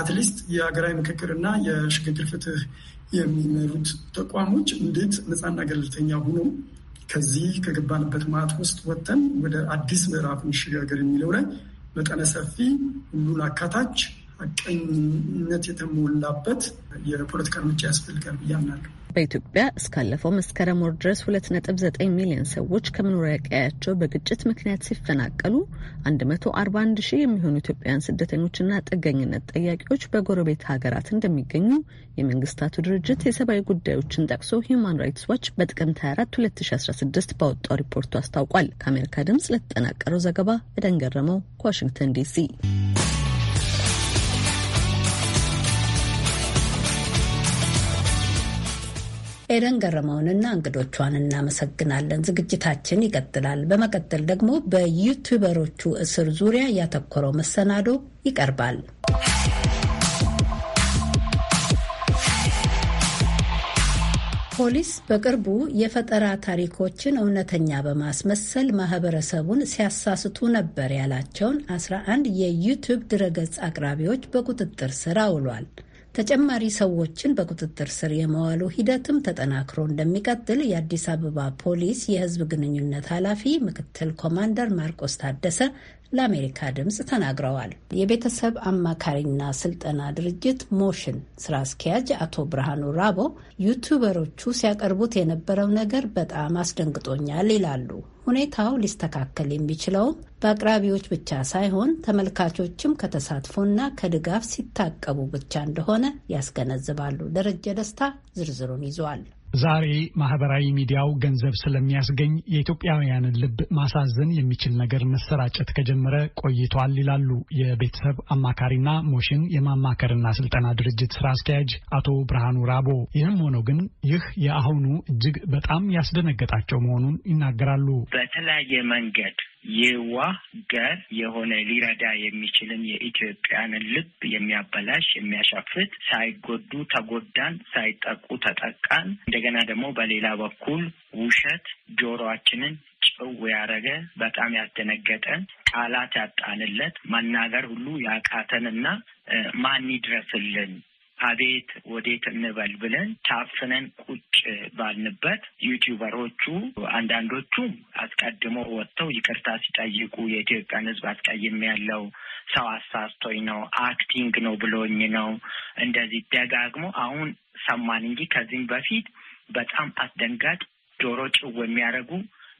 አትሊስት የሀገራዊ ምክክርና የሽግግር ፍትህ የሚመሩት ተቋሞች እንዴት ነፃና ገለልተኛ ሆኖ ከዚህ ከገባንበት ማት ውስጥ ወጥተን ወደ አዲስ ምዕራፍ እንሸጋገር የሚለው ላይ መጠነ ሰፊ ሁሉን አካታች ሀቀኝነት የተሞላበት የፖለቲካ እርምጃ ያስፈልጋል ብያምናለሁ። በኢትዮጵያ እስካለፈው መስከረም ወር ድረስ 2.9 ሚሊዮን ሰዎች ከመኖሪያ ቀያቸው በግጭት ምክንያት ሲፈናቀሉ 141 ሺህ የሚሆኑ ኢትዮጵያውያን ስደተኞችና ጥገኝነት ጠያቂዎች በጎረቤት ሀገራት እንደሚገኙ የመንግስታቱ ድርጅት የሰብአዊ ጉዳዮችን ጠቅሶ ሂዩማን ራይትስ ዋች በጥቅምት 24 2016 ባወጣው ሪፖርቱ አስታውቋል። ከአሜሪካ ድምጽ ለተጠናቀረው ዘገባ እደን ገረመው ከዋሽንግተን ዲሲ ኤደን ገረመውንና እንግዶቿን እናመሰግናለን። ዝግጅታችን ይቀጥላል። በመቀጠል ደግሞ በዩቱበሮቹ እስር ዙሪያ ያተኮረው መሰናዶ ይቀርባል። ፖሊስ በቅርቡ የፈጠራ ታሪኮችን እውነተኛ በማስመሰል ማህበረሰቡን ሲያሳስቱ ነበር ያላቸውን 11 የዩቲዩብ ድረገጽ አቅራቢዎች በቁጥጥር ስር አውሏል። ተጨማሪ ሰዎችን በቁጥጥር ስር የመዋሉ ሂደትም ተጠናክሮ እንደሚቀጥል የአዲስ አበባ ፖሊስ የህዝብ ግንኙነት ኃላፊ ምክትል ኮማንደር ማርቆስ ታደሰ ለአሜሪካ ድምፅ ተናግረዋል። የቤተሰብ አማካሪና ስልጠና ድርጅት ሞሽን ስራ አስኪያጅ አቶ ብርሃኑ ራቦ ዩቱበሮቹ ሲያቀርቡት የነበረው ነገር በጣም አስደንግጦኛል ይላሉ። ሁኔታው ሊስተካከል የሚችለውም በአቅራቢዎች ብቻ ሳይሆን ተመልካቾችም ከተሳትፎና ከድጋፍ ሲታቀቡ ብቻ እንደሆነ ያስገነዝባሉ። ደረጀ ደስታ ዝርዝሩን ይዟል። ዛሬ ማህበራዊ ሚዲያው ገንዘብ ስለሚያስገኝ የኢትዮጵያውያንን ልብ ማሳዘን የሚችል ነገር መሰራጨት ከጀመረ ቆይቷል ይላሉ የቤተሰብ አማካሪና ሞሽን የማማከርና ስልጠና ድርጅት ስራ አስኪያጅ አቶ ብርሃኑ ራቦ። ይህም ሆኖ ግን ይህ የአሁኑ እጅግ በጣም ያስደነገጣቸው መሆኑን ይናገራሉ። በተለያየ መንገድ የዋህ ገር የሆነ ሊረዳ የሚችልን የኢትዮጵያንን ልብ የሚያበላሽ የሚያሻፍት ሳይጎዱ ተጎዳን፣ ሳይጠቁ ተጠቃን። እንደገና ደግሞ በሌላ በኩል ውሸት ጆሮአችንን ጭው ያደረገ በጣም ያደነገጠ ቃላት ያጣንለት መናገር ሁሉ ያቃተንና ማን ይድረስልን አቤት ወዴት እንበል ብለን ታፍነን ቁጭ ባልንበት ዩቲዩበሮቹ አንዳንዶቹም አስቀድሞ ወጥተው ይቅርታ ሲጠይቁ የኢትዮጵያን ሕዝብ አስቀይም ያለው ሰው አሳስቶኝ ነው፣ አክቲንግ ነው ብሎኝ ነው እንደዚህ ደጋግሞ አሁን ሰማን እንጂ ከዚህም በፊት በጣም አስደንጋጭ ጆሮ ጭው የሚያደርጉ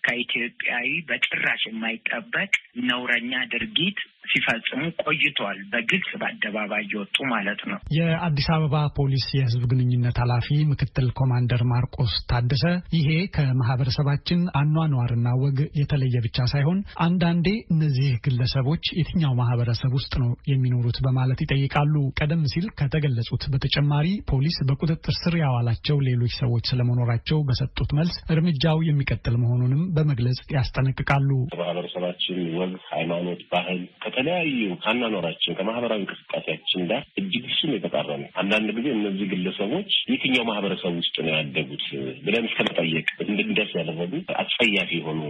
ከኢትዮጵያዊ በጭራሽ የማይጠበቅ ነውረኛ ድርጊት ሲፈጽሙ ቆይቷል በግልጽ በአደባባይ የወጡ ማለት ነው። የአዲስ አበባ ፖሊስ የህዝብ ግንኙነት ኃላፊ ምክትል ኮማንደር ማርቆስ ታደሰ ይሄ ከማህበረሰባችን አኗኗርና ወግ የተለየ ብቻ ሳይሆን አንዳንዴ እነዚህ ግለሰቦች የትኛው ማህበረሰብ ውስጥ ነው የሚኖሩት በማለት ይጠይቃሉ። ቀደም ሲል ከተገለጹት በተጨማሪ ፖሊስ በቁጥጥር ስር ያዋላቸው ሌሎች ሰዎች ስለመኖራቸው በሰጡት መልስ እርምጃው የሚቀጥል መሆኑንም በመግለጽ ያስጠነቅቃሉ። ማህበረሰባችን ወግ፣ ሃይማኖት፣ ባህል ከተለያዩ ከአኗኗራችን ከማህበራዊ እንቅስቃሴያችን ጋር እጅግ እሱም የተቃረነ አንዳንድ ጊዜ እነዚህ ግለሰቦች የትኛው ማህበረሰብ ውስጥ ነው ያደጉት ብለን እስከመጠየቅ እንድንደርስ ያደረጉ አስፈያፊ የሆኑ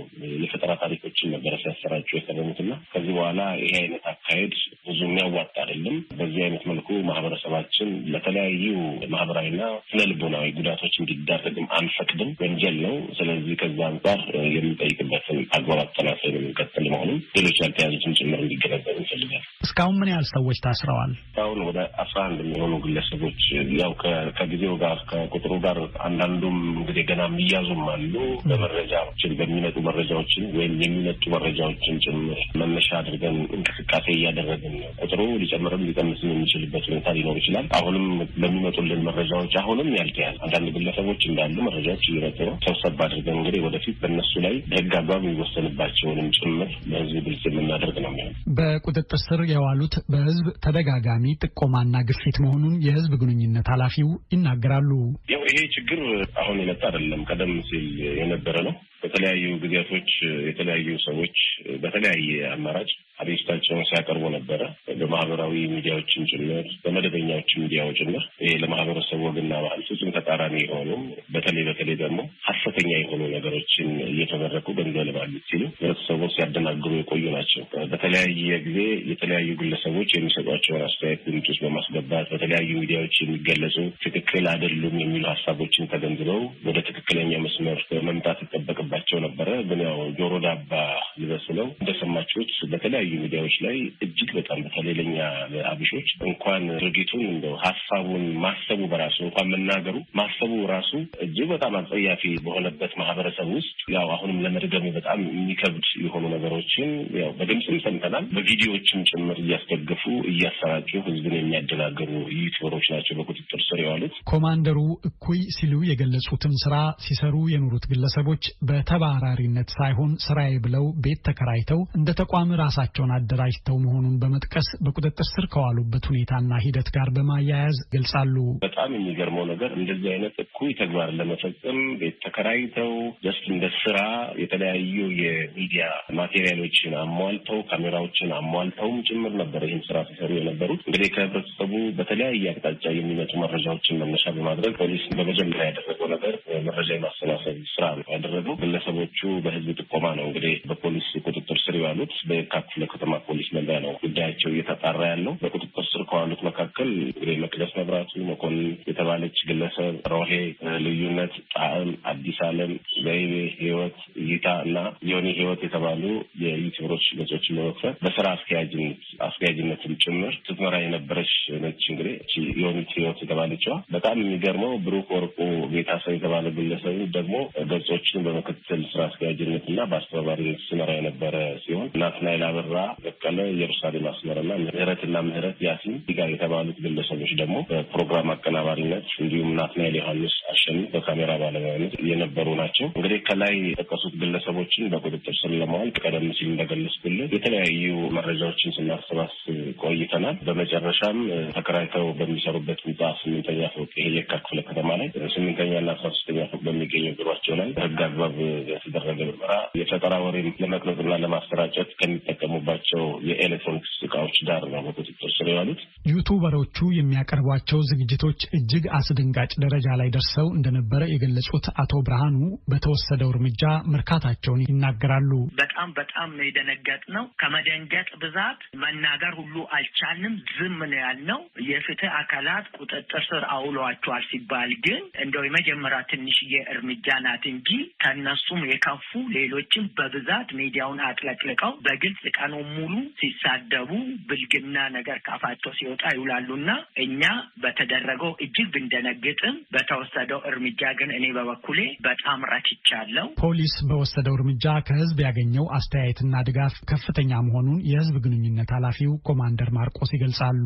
የፈጠራ ታሪኮችን ነበረ ሲያሰራቸው የከረሙትና ከዚህ በኋላ ይሄ አይነት አካሄድ ብዙ የሚያዋጣ አይደለም። በዚህ አይነት መልኩ ማህበረሰባችን ለተለያዩ ማህበራዊና ስነልቦናዊ ጉዳቶች እንዲዳረግም አንፈቅድም፣ ወንጀል ነው። ስለዚህ ከዚ አንጻር የምንጠይቅበትን አግባብ አጠናክረን የምንቀጥል መሆኑም ሌሎች ያልተያዙትን ጭምር እንዲገ እንዲነገሩ ይችልኛል። እስካሁን ምን ያህል ሰዎች ታስረዋል? እስካሁን ወደ አስራ አንድ የሚሆኑ ግለሰቦች ያው ከጊዜው ጋር ከቁጥሩ ጋር አንዳንዱም እንግዲህ ገና የሚያዙም አሉ። በመረጃዎችን በሚመጡ መረጃዎችን ወይም የሚመጡ መረጃዎችን ጭምር መነሻ አድርገን እንቅስቃሴ እያደረግን ነው። ቁጥሩ ሊጨምርም ሊቀንስም የሚችልበት ሁኔታ ሊኖር ይችላል። አሁንም በሚመጡልን መረጃዎች አሁንም ያልተያዘ አንዳንድ ግለሰቦች እንዳሉ መረጃዎች እየመጡ ነው። ሰብሰብ አድርገን እንግዲህ ወደፊት በእነሱ ላይ በህግ አግባብ የሚወሰንባቸውንም ጭምር ለህዝብ ግልጽ የምናደርግ ነው የሚሆነው። በቁጥጥር ስር የዋሉት በህዝብ ተደጋጋሚ ጥቆማና ግፊት መሆኑን የህዝብ ግንኙነት ኃላፊው ይናገራሉ። ያው ይሄ ችግር አሁን የመጣ አይደለም፣ ቀደም ሲል የነበረ ነው። በተለያዩ ጊዜያቶች የተለያዩ ሰዎች በተለያየ አማራጭ አቤቱታቸውን ሲያቀርቡ ነበረ። በማህበራዊ ሚዲያዎችም ጭምር በመደበኛዎች ሚዲያው ጭምር ይሄ ለማህበረሰቡ ወግና ባህል ፍጹም ተቃራኒ የሆኑ በተለይ በተለይ ደግሞ ሀሰተኛ የሆኑ ነገሮችን እየተመረኩ ገንዘብ ለማግኘት ሲሉ ህብረተሰቡን ሲያደናግሩ የቆዩ ናቸው። በተለያየ ጊዜ የተለያዩ ግለሰቦች የሚሰጧቸውን አስተያየት ግምት ውስጥ በማስገባት በተለያዩ ሚዲያዎች የሚገለጹ ትክክል አይደሉም የሚሉ ሀሳቦችን ተገንዝበው ወደ ትክክለኛ መስመር መምጣት ይጠበቅባል ተደርጎባቸው ነበረ። ግን ያው ጆሮ ዳባ ልበሱ ነው። እንደሰማችሁት በተለያዩ ሚዲያዎች ላይ እጅግ በጣም በተለይ አብሾች እንኳን ድርጊቱን እንደው ሀሳቡን ማሰቡ በራሱ እንኳን መናገሩ ማሰቡ ራሱ እጅግ በጣም አጸያፊ በሆነበት ማህበረሰብ ውስጥ ያው አሁንም ለመድገሙ በጣም የሚከብድ የሆኑ ነገሮችን ያው በድምፅም ሰምተናል፣ በቪዲዮዎችም ጭምር እያስደገፉ እያሰራጩ ህዝብን የሚያደናገሩ ዩቱበሮች ናቸው በቁጥጥር ስር የዋሉት። ኮማንደሩ እኩይ ሲሉ የገለጹትን ስራ ሲሰሩ የኖሩት ግለሰቦች በ በተባራሪነት ሳይሆን ስራዬ ብለው ቤት ተከራይተው እንደ ተቋም ራሳቸውን አደራጅተው መሆኑን በመጥቀስ በቁጥጥር ስር ከዋሉበት ሁኔታና ሂደት ጋር በማያያዝ ይገልጻሉ። በጣም የሚገርመው ነገር እንደዚህ አይነት እኩይ ተግባር ለመፈጸም ቤት ተከራይተው ጀስት እንደ ስራ የተለያዩ የሚዲያ ማቴሪያሎችን አሟልተው ካሜራዎችን አሟልተውም ጭምር ነበር ይህን ስራ ሲሰሩ የነበሩት። እንግዲህ ከህብረተሰቡ በተለያየ አቅጣጫ የሚመጡ መረጃዎችን መነሻ በማድረግ ፖሊስ በመጀመሪያ ያደረገው ነገር መረጃ የማሰናሰብ ስራ ነው ያደረገው። ግለሰቦቹ በህዝብ ጥቆማ ነው እንግዲህ በፖሊስ ቁጥጥር ስር የዋሉት። በየካ ክፍለ ከተማ ፖሊስ መምሪያ ነው ጉዳያቸው እየተጣራ ያለው። በቁጥጥር ስር ከዋሉት መካከል እንግዲህ መቅደስ መብራቱ መኮንን የተባለች ግለሰብ፣ ሮሄ ልዩነት፣ ጣዕም አዲስ አለም፣ ዘይቤ ህይወት፣ እይታ እና ዮኒ ህይወት የተባሉ የዩቲዩበሮች ገጾች በመክፈት በስራ አስኪያጅነት አስኪያጅነትም ጭምር ስትመራ የነበረች ነች። እንግዲህ ዮኒ ህይወት የተባለችዋ በጣም የሚገርመው ብሩክ ወርቁ ጌታሰብ የተባለ ግለሰብ ደግሞ ገጾችን በመከ በምክትል ስራ አስኪያጅነትና በአስተባባሪነት ስመራ የነበረ ሲሆን ናትናኤል አበራ በቀለ ኢየሩሳሌም አስመራና ምህረትና ምህረት ያሲን ጋር የተባሉት ግለሰቦች ደግሞ በፕሮግራም አቀናባሪነት እንዲሁም ናትናኤል ዮሐንስ አሸኒ በካሜራ ባለሙያነት የነበሩ ናቸው። እንግዲህ ከላይ የጠቀሱት ግለሰቦችን በቁጥጥር ስር ለማዋል ቀደም ሲል እንደገለጽኩልን የተለያዩ መረጃዎችን ስናሰባስብ ቆይተናል። በመጨረሻም ተከራይተው በሚሰሩበት ህንጻ ስምንተኛ ፎቅ የካ ክፍለ ከተማ ላይ ስምንተኛና አስራ ሶስተኛ ፎቅ በሚገኘው ቢሯቸው ላይ ህግ አግባብ የተደረገ ምርመራ የፈጠራ ወሬን ለመቅረጽና ለማሰራጨት ከሚጠቀሙባቸው የኤሌክትሮኒክስ እቃዎች ዳር ነው በቁጥጥር ስር የዋሉት። ዩቱበሮቹ የሚያቀርቧቸው ዝግጅቶች እጅግ አስደንጋጭ ደረጃ ላይ ደርሰው እንደነበረ የገለጹት አቶ ብርሃኑ በተወሰደው እርምጃ መርካታቸውን ይናገራሉ። በጣም በጣም ነው የደነገጥ ነው። ከመደንገጥ ብዛት መናገር ሁሉ አልቻልንም። ዝም ነው ያልነው። የፍትህ አካላት ቁጥጥር ስር አውሏቸዋል ሲባል ግን እንደው የመጀመሪያ ትንሽዬ እርምጃ ናት እንጂ ከነ እነሱም የከፉ ሌሎችም በብዛት ሚዲያውን አጥለቅልቀው በግልጽ ቀኑን ሙሉ ሲሳደቡ ብልግና ነገር ካፋቸው ሲወጣ ይውላሉና እኛ በተደረገው እጅግ ብንደነግጥም በተወሰደው እርምጃ ግን እኔ በበኩሌ በጣም ረክቻለሁ። ፖሊስ በወሰደው እርምጃ ከህዝብ ያገኘው አስተያየትና ድጋፍ ከፍተኛ መሆኑን የህዝብ ግንኙነት ኃላፊው ኮማንደር ማርቆስ ይገልጻሉ።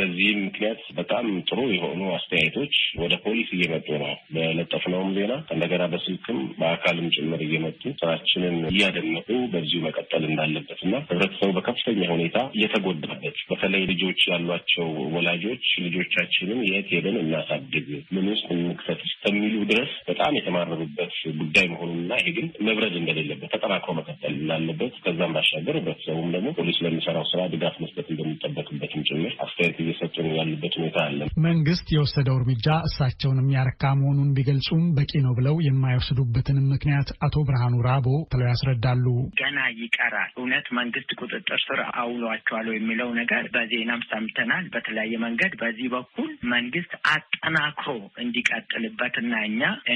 በዚህም ምክንያት በጣም ጥሩ የሆኑ አስተያየቶች ወደ ፖሊስ እየመጡ ነው። በለጠፍነውም ዜና እንደገና በስልክም በአካልም ጭምር እየመጡ ስራችንን እያደነቁ በዚሁ መቀጠል እንዳለበት እና ህብረተሰቡ በከፍተኛ ሁኔታ እየተጎዳበት በተለይ ልጆች ያሏቸው ወላጆች ልጆቻችንን የት ሄደን እናሳድግ፣ ምን ውስጥ እንክተት እስከሚሉ ድረስ በጣም የተማረሩበት ጉዳይ መሆኑንና ይሄ ግን መብረድ እንደሌለበት ተጠናክሮ መቀጠል እንዳለበት ከዛም ባሻገር ህብረተሰቡም ደግሞ ፖሊስ ለሚሰራው ስራ ድጋፍ መስጠት እንደሚጠበቅበትም ጭምር አስተያየት እየሰጡ ያሉበት ሁኔታ አለ። መንግስት የወሰደው እርምጃ እሳቸውን የሚያረካ መሆኑን ቢገልጹም በቂ ነው ብለው የማይወስዱበትንም ምክንያት ምክንያት አቶ ብርሃኑ ራቦ ብለው ያስረዳሉ። ገና ይቀራል። እውነት መንግስት ቁጥጥር ስር አውሏቸዋል የሚለው ነገር በዜናም ሰምተናል። በተለያየ መንገድ በዚህ በኩል መንግስት አጠናክሮ እንዲቀጥልበት እኛ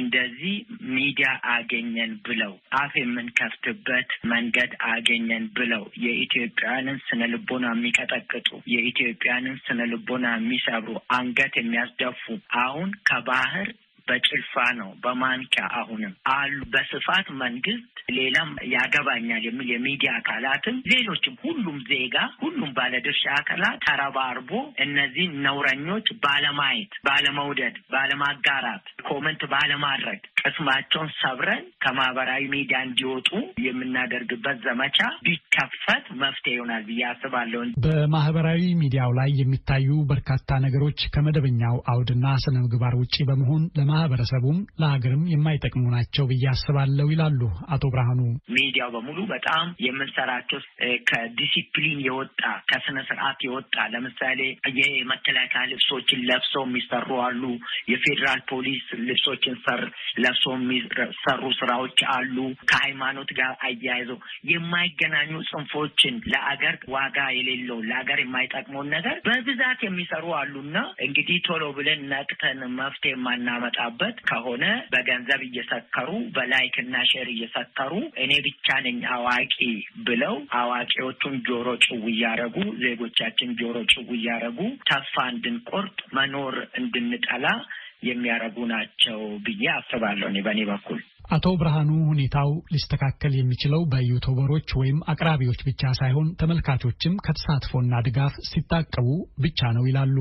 እንደዚህ ሚዲያ አገኘን ብለው አፍ የምንከፍትበት መንገድ አገኘን ብለው የኢትዮጵያንን ስነ ልቦና የሚቀጠቅጡ የኢትዮጵያንን ስነ ልቦና የሚሰብሩ አንገት የሚያስደፉ አሁን ከባህር በጭልፋ ነው፣ በማንኪያ አሁንም አሉ በስፋት መንግስት፣ ሌላም ያገባኛል የሚል የሚዲያ አካላትም፣ ሌሎችም ሁሉም ዜጋ፣ ሁሉም ባለድርሻ አካላት ተረባርቦ እነዚህ ነውረኞች ባለማየት፣ ባለመውደድ፣ ባለማጋራት፣ ኮመንት ባለማድረግ ቅስማቸውን ሰብረን ከማህበራዊ ሚዲያ እንዲወጡ የምናደርግበት ዘመቻ ቢከፈት መፍትሄ ይሆናል ብዬ አስባለሁ። በማህበራዊ ሚዲያው ላይ የሚታዩ በርካታ ነገሮች ከመደበኛው አውድና ስነ ምግባር ውጪ በመሆን ለማ ለማህበረሰቡም ለሀገርም የማይጠቅሙ ናቸው ብዬ አስባለሁ ይላሉ አቶ ብርሃኑ። ሚዲያው በሙሉ በጣም የምንሰራቸው ከዲሲፕሊን የወጣ ከስነ ስርዓት የወጣ ለምሳሌ የመከላከያ ልብሶችን ለብሰው የሚሰሩ አሉ። የፌዴራል ፖሊስ ልብሶችን ሰር ለብሰው የሚሰሩ ስራዎች አሉ። ከሃይማኖት ጋር አያይዘው የማይገናኙ ጽንፎችን ለአገር ዋጋ የሌለው ለአገር የማይጠቅመውን ነገር በብዛት የሚሰሩ አሉና እንግዲህ ቶሎ ብለን ነቅተን መፍትሄ የማናመጣ የሚሰራበት ከሆነ በገንዘብ እየሰከሩ በላይክና ሼር እየሰከሩ እኔ ብቻ ነኝ አዋቂ ብለው አዋቂዎቹን ጆሮ ጭው እያረጉ ዜጎቻችን ጆሮ ጭው እያረጉ ተስፋ እንድንቆርጥ መኖር እንድንጠላ የሚያረጉ ናቸው ብዬ አስባለሁ እኔ በእኔ በኩል። አቶ ብርሃኑ ሁኔታው ሊስተካከል የሚችለው በዩቱበሮች ወይም አቅራቢዎች ብቻ ሳይሆን ተመልካቾችም ከተሳትፎና ድጋፍ ሲታቀቡ ብቻ ነው ይላሉ።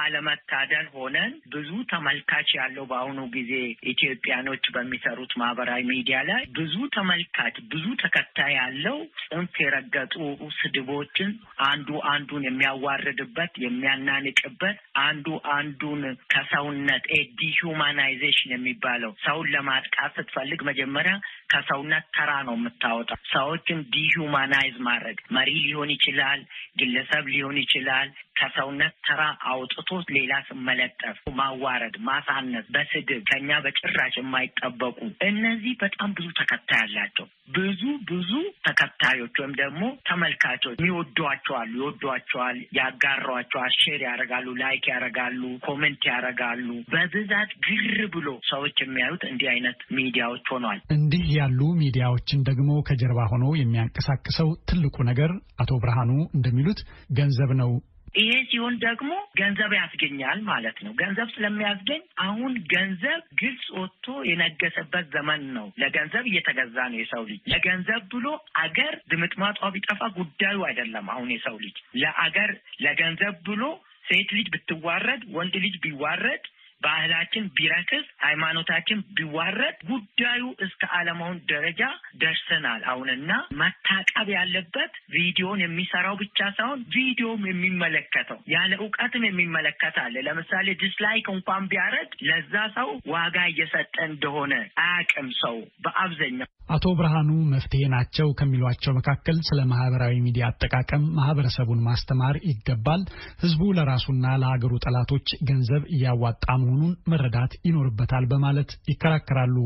አለመታደል ሆነን ብዙ ተመልካች ያለው በአሁኑ ጊዜ ኢትዮጵያኖች በሚሰሩት ማህበራዊ ሚዲያ ላይ ብዙ ተመልካች ብዙ ተከታይ ያለው ጽንፍ የረገጡ ስድቦችን አንዱ አንዱን የሚያዋርድበት የሚያናንቅበት አንዱ አንዱን ከሰውነት ኤ ዲሁማናይዜሽን የሚባለው ሰውን ለማጥቃት ስትፈልግ ስትፈልግ መጀመሪያ ከሰውነት ተራ ነው የምታወጣው። ሰዎችን ዲሁማናይዝ ማድረግ መሪ ሊሆን ይችላል፣ ግለሰብ ሊሆን ይችላል። ከሰውነት ተራ አውጥቶ ሌላ ስም መለጠፍ፣ ማዋረድ፣ ማሳነስ፣ በስድብ ከኛ በጭራሽ የማይጠበቁ እነዚህ በጣም ብዙ ተከታይ አላቸው። ብዙ ብዙ ተከታዮች ወይም ደግሞ ተመልካቾች የሚወዷቸዋሉ፣ ይወዷቸዋል፣ ያጋሯቸዋል፣ ሼር ያደርጋሉ፣ ላይክ ያደርጋሉ፣ ኮሜንት ያደርጋሉ። በብዛት ግር ብሎ ሰዎች የሚያዩት እንዲህ አይነት ሚዲያዎች ሚዲያዎች ሆነዋል። እንዲህ ያሉ ሚዲያዎችን ደግሞ ከጀርባ ሆኖ የሚያንቀሳቅሰው ትልቁ ነገር አቶ ብርሃኑ እንደሚሉት ገንዘብ ነው። ይሄ ሲሆን ደግሞ ገንዘብ ያስገኛል ማለት ነው። ገንዘብ ስለሚያስገኝ አሁን ገንዘብ ግልጽ ወጥቶ የነገሰበት ዘመን ነው። ለገንዘብ እየተገዛ ነው የሰው ልጅ። ለገንዘብ ብሎ አገር ድምጥማጧ ቢጠፋ ጉዳዩ አይደለም። አሁን የሰው ልጅ ለአገር ለገንዘብ ብሎ ሴት ልጅ ብትዋረድ፣ ወንድ ልጅ ቢዋረድ ባህላችን ቢረክስ፣ ሃይማኖታችን ቢዋረድ ጉዳዩ እስከ አለመሆን ደረጃ ደርሰናል። አሁንና መታቀብ ያለበት ቪዲዮን የሚሰራው ብቻ ሳይሆን ቪዲዮም የሚመለከተው ያለ እውቀትም የሚመለከት አለ። ለምሳሌ ዲስላይክ እንኳን ቢያረግ ለዛ ሰው ዋጋ እየሰጠ እንደሆነ አያቅም ሰው በአብዛኛው። አቶ ብርሃኑ መፍትሄ ናቸው ከሚሏቸው መካከል ስለ ማህበራዊ ሚዲያ አጠቃቀም ማህበረሰቡን ማስተማር ይገባል፣ ህዝቡ ለራሱና ለሀገሩ ጠላቶች ገንዘብ እያዋጣ መሆኑን መረዳት ይኖርበታል በማለት ይከራከራሉ።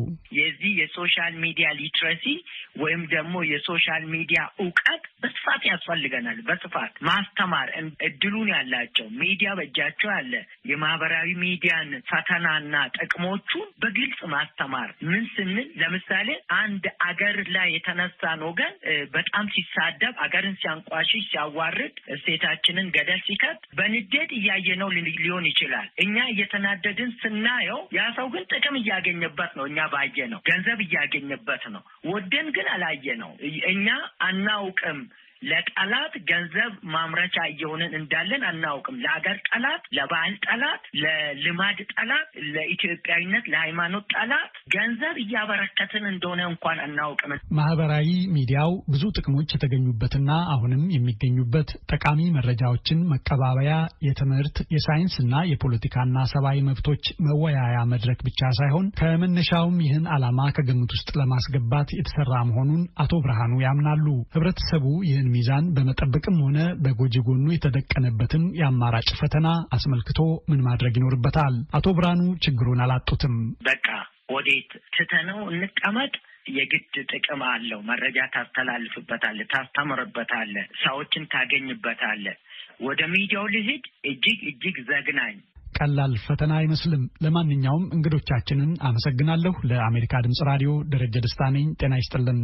የዚህ የሶሻል ሚዲያ ሊትረሲ ወይም ደግሞ የሶሻል ሚዲያ እውቀት በስፋት ያስፈልገናል። በስፋት ማስተማር እድሉን ያላቸው ሚዲያ በእጃቸው ያለ የማህበራዊ ሚዲያን ፈተናና ጥቅሞቹን በግልጽ ማስተማር ምን ስንል ለምሳሌ አንድ አገር ላይ የተነሳን ወገን በጣም ሲሳደብ፣ አገርን ሲያንቋሽሽ፣ ሲያዋርድ፣ እሴታችንን ገደል ሲከት በንዴት እያየ ነው ሊሆን ይችላል። እኛ እየተናደ መንገድን ስናየው ያ ሰው ግን ጥቅም እያገኘበት ነው። እኛ ባየ ነው ገንዘብ እያገኘበት ነው። ወደን ግን አላየ ነው። እኛ አናውቅም ለጠላት ገንዘብ ማምረቻ እየሆንን እንዳለን አናውቅም። ለሀገር ጠላት፣ ለባህል ጠላት፣ ለልማድ ጠላት፣ ለኢትዮጵያዊነት፣ ለሃይማኖት ጠላት ገንዘብ እያበረከትን እንደሆነ እንኳን አናውቅም። ማህበራዊ ሚዲያው ብዙ ጥቅሞች የተገኙበትና አሁንም የሚገኙበት ጠቃሚ መረጃዎችን መቀባበያ፣ የትምህርት፣ የሳይንስና የፖለቲካና ሰብአዊ መብቶች መወያያ መድረክ ብቻ ሳይሆን ከመነሻውም ይህን ዓላማ ከግምት ውስጥ ለማስገባት የተሰራ መሆኑን አቶ ብርሃኑ ያምናሉ። ህብረተሰቡ ይህን ሚዛን በመጠበቅም ሆነ በጎጂ ጎኑ የተደቀነበትን የአማራጭ ፈተና አስመልክቶ ምን ማድረግ ይኖርበታል? አቶ ብርሃኑ ችግሩን አላጡትም። በቃ ወዴት ትተነው እንቀመጥ? የግድ ጥቅም አለው። መረጃ ታስተላልፍበታለህ፣ ታስተምርበታለህ፣ ሰዎችን ታገኝበታለህ። ወደ ሚዲያው ልሂድ። እጅግ እጅግ ዘግናኝ ቀላል ፈተና አይመስልም። ለማንኛውም እንግዶቻችንን አመሰግናለሁ። ለአሜሪካ ድምፅ ራዲዮ ደረጀ ደስታ ነኝ። ጤና ይስጥልን።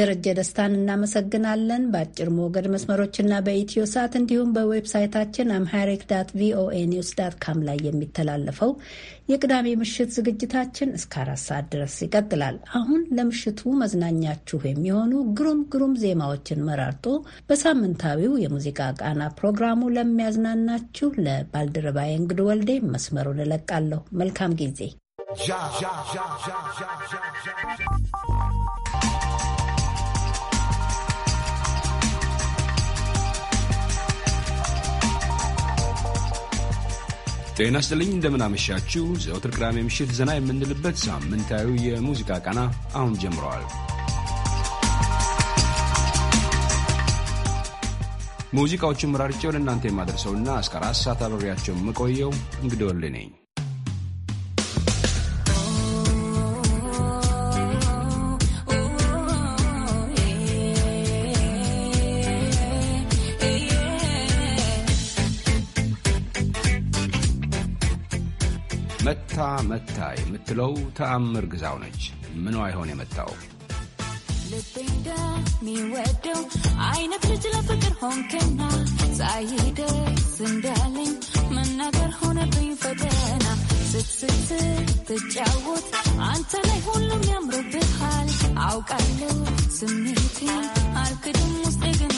ደረጀ ደስታን እናመሰግናለን። በአጭር ሞገድ መስመሮችና በኢትዮ ሳት እንዲሁም በዌብሳይታችን አምሃሪክ ዳት ቪኦኤ ኒውስ ዳት ካም ላይ የሚተላለፈው የቅዳሜ ምሽት ዝግጅታችን እስከ አራት ሰዓት ድረስ ይቀጥላል። አሁን ለምሽቱ መዝናኛችሁ የሚሆኑ ግሩም ግሩም ዜማዎችን መራርጦ በሳምንታዊው የሙዚቃ ቃና ፕሮግራሙ ለሚያዝናናችሁ ለባልደረባዬ እንግዱ ወልዴ መስመሩን እለቃለሁ። መልካም ጊዜ። ጤና ስጥልኝ እንደምናመሻችሁ። ዘወትር ቅዳሜ ምሽት ዘና የምንልበት ሳምንታዊ የሙዚቃ ቃና አሁን ጀምረዋል። ሙዚቃዎቹን መራርጬ ለእናንተ የማደርሰውና እስከ አራት ሰዓት አብሬያቸው የምቆየው እንግዲህ ነኝ። መታ መታ የምትለው ተአምር ግዛው ነች። ምን ይሆን የመጣው ልቤ እንደሚወደው አይነት ልጅ ለፍቅር ሆንክና ሳይደርስ እንዳለኝ መናገር ሆነብኝ ፈተና ስትስት ትጫወት አንተ ላይ ሁሉም ያምርብሃል አውቃለሁ ስሜቴ አልክድም ውስጤ ግን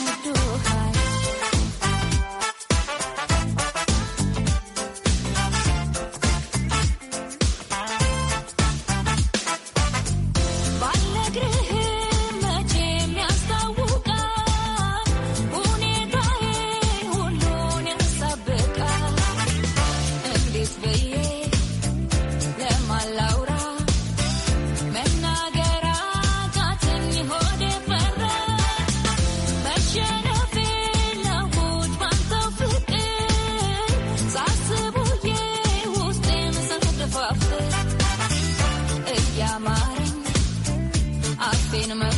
I'm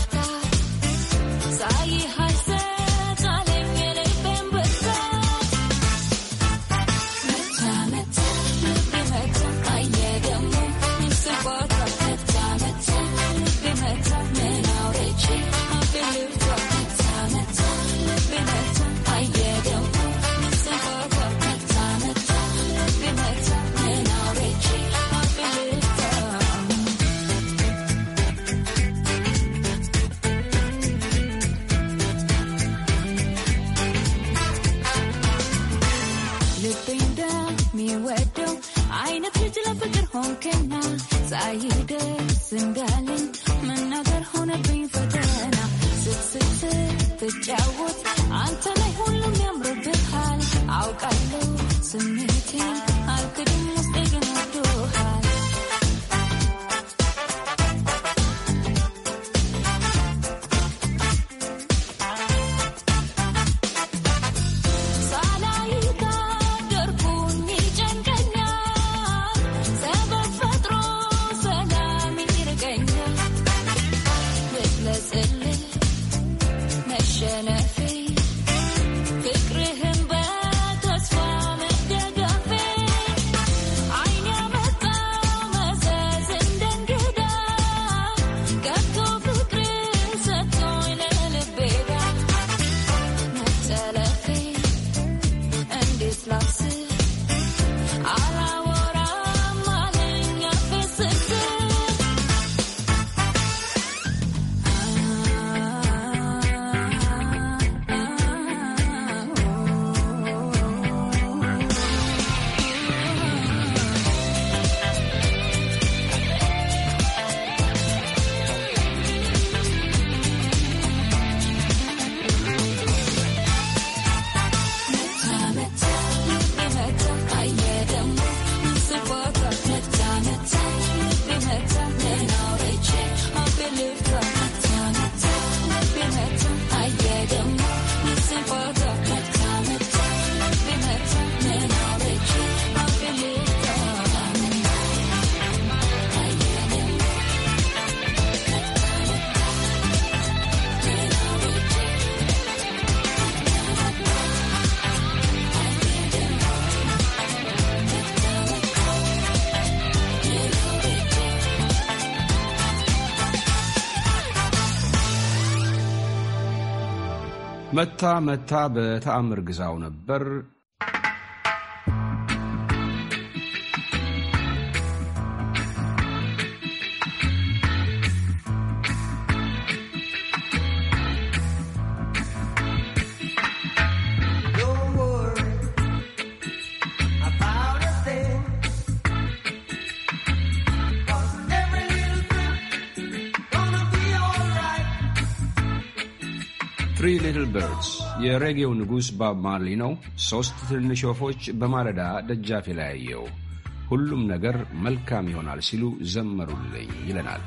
መታ መታ በተአምር ግዛው ነበር የሬጌው ንጉሥ ባብ ማርሊ ነው። ሦስት ትንንሽ ወፎች በማለዳ ደጃፌ ላይ ያየው ሁሉም ነገር መልካም ይሆናል ሲሉ ዘመሩልኝ ይለናል።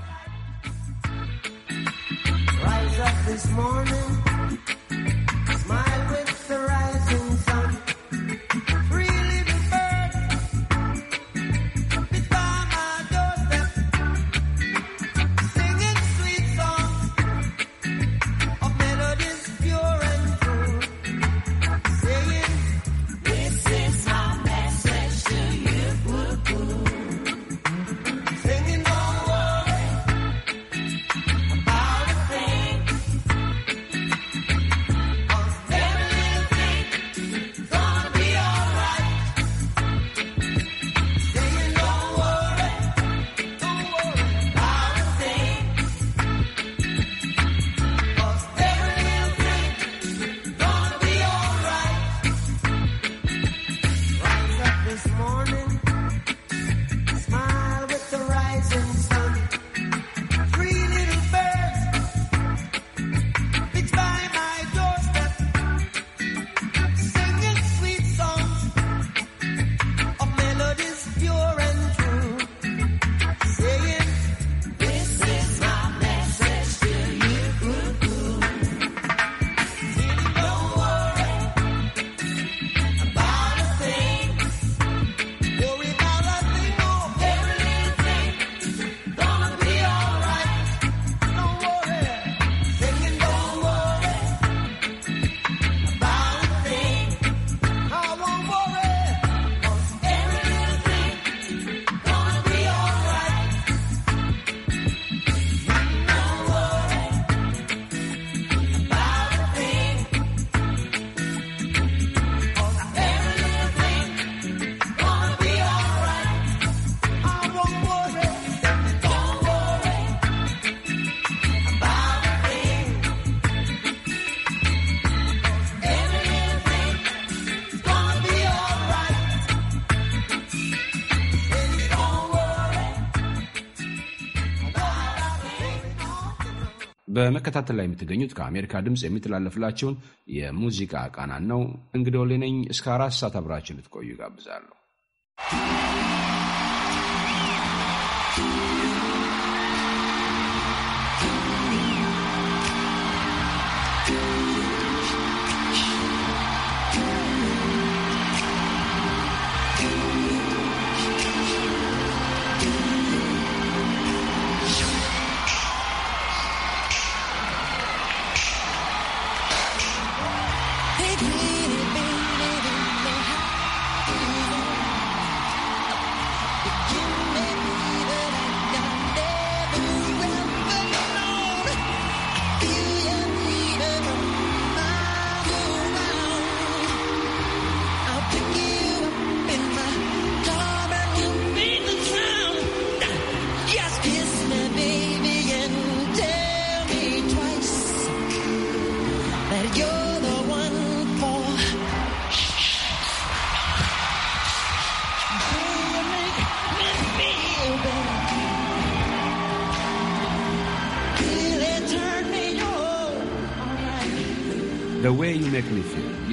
በመከታተል ላይ የምትገኙት ከአሜሪካ ድምፅ የሚተላለፍላቸውን የሙዚቃ ቃናን ነው። እንግዲህ ሌነኝ እስከ አራት ሰዓት አብራችሁ ልትቆዩ ጋብዛለሁ።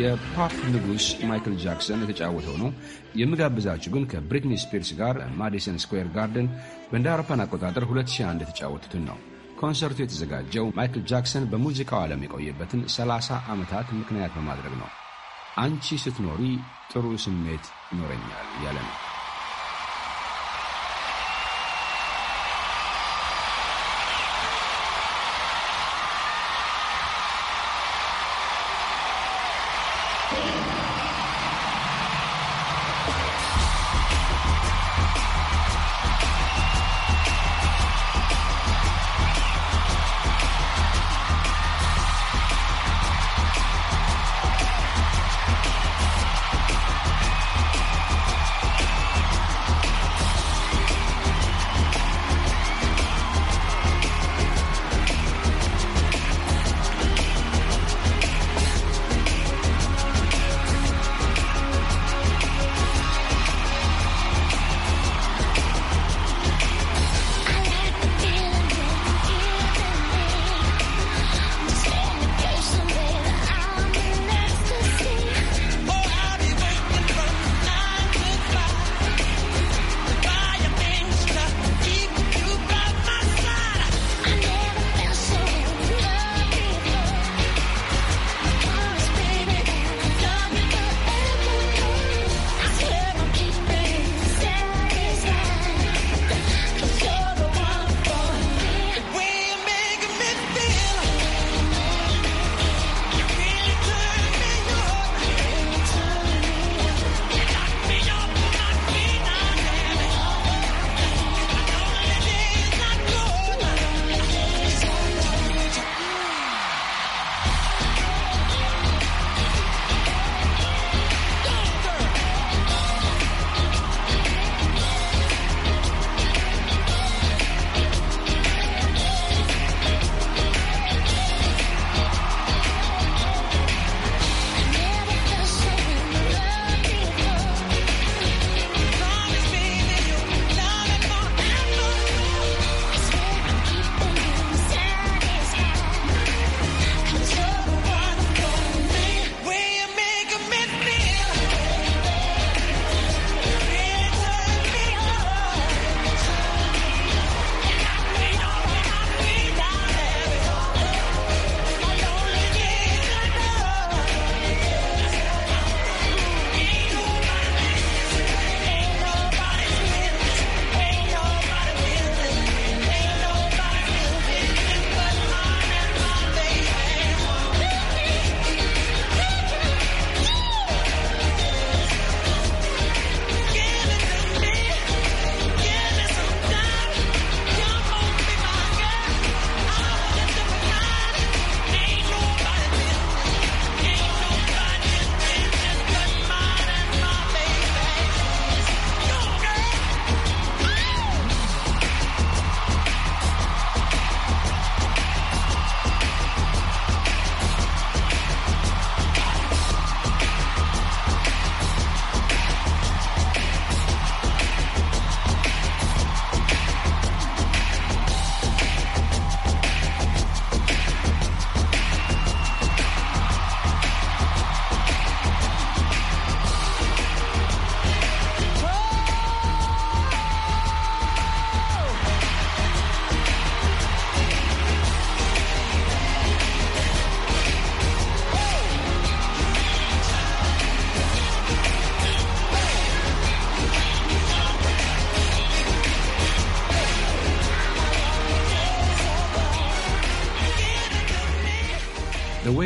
የፖፕ ንጉሥ ማይክል ጃክሰን የተጫወተው ነው። የምጋብዛችሁ ግን ከብሪትኒ ስፒርስ ጋር ማዲሰን ስኩዌር ጋርደን በእንደ አውሮፓን አቆጣጠር 2001 የተጫወቱትን ነው። ኮንሰርቱ የተዘጋጀው ማይክል ጃክሰን በሙዚቃው ዓለም የቆየበትን 30 ዓመታት ምክንያት በማድረግ ነው። አንቺ ስትኖሪ ጥሩ ስሜት ይኖረኛል እያለ ነው።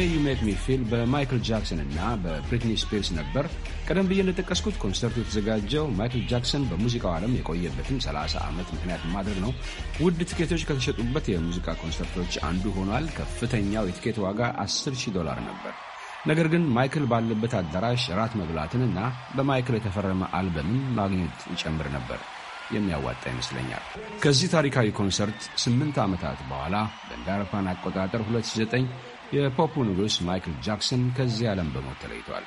ዌይ ዩ ሜክ ሚ ፊል በማይክል ጃክሰን እና በብሪትኒ ስፒርስ ነበር። ቀደም ብዬ እንደጠቀስኩት ኮንሰርቱ የተዘጋጀው ማይክል ጃክሰን በሙዚቃው ዓለም የቆየበትን 30 ዓመት ምክንያት ማድረግ ነው። ውድ ትኬቶች ከተሸጡበት የሙዚቃ ኮንሰርቶች አንዱ ሆኗል። ከፍተኛው የትኬት ዋጋ 10,000 ዶላር ነበር። ነገር ግን ማይክል ባለበት አዳራሽ ራት መብላትንና በማይክል የተፈረመ አልበምን ማግኘት ይጨምር ነበር። የሚያዋጣ ይመስለኛል። ከዚህ ታሪካዊ ኮንሰርት ስምንት ዓመታት በኋላ በአውሮፓውያን አቆጣጠር 2009 የፖፑ ንጉሥ ማይክል ጃክሰን ከዚህ ዓለም በሞት ተለይቷል።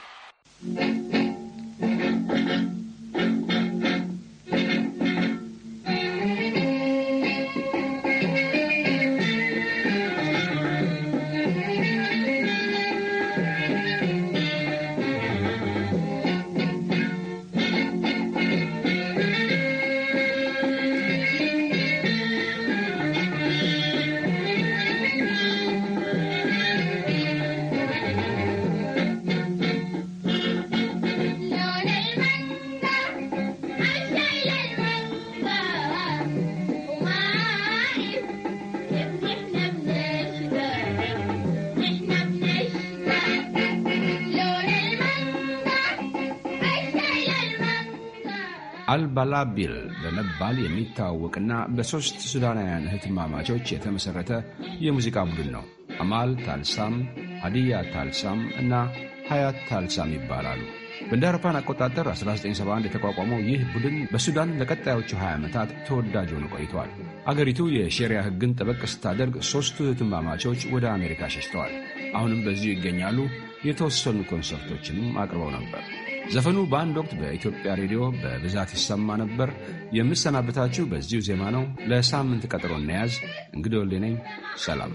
አልባላቢል በመባል የሚታወቅና በሦስት ሱዳናውያን እህትማማቾች የተመሠረተ የሙዚቃ ቡድን ነው። አማል ታልሳም፣ አዲያ ታልሳም እና ሀያት ታልሳም ይባላሉ። እንደ አውሮፓን አቆጣጠር 1971 የተቋቋመው ይህ ቡድን በሱዳን ለቀጣዮቹ 20 ዓመታት ተወዳጅ ሆኖ ቆይተዋል። አገሪቱ የሼሪያ ሕግን ጠበቅ ስታደርግ ሦስቱ እህትማማቾች ወደ አሜሪካ ሸሽተዋል። አሁንም በዚሁ ይገኛሉ። የተወሰኑ ኮንሰርቶችንም አቅርበው ነበር። ዘፈኑ በአንድ ወቅት በኢትዮጵያ ሬዲዮ በብዛት ይሰማ ነበር። የምሰናበታችሁ በዚሁ ዜማ ነው። ለሳምንት ቀጠሮ እናያዝ። እንግዲህ ወልዴ ነኝ። ሰላም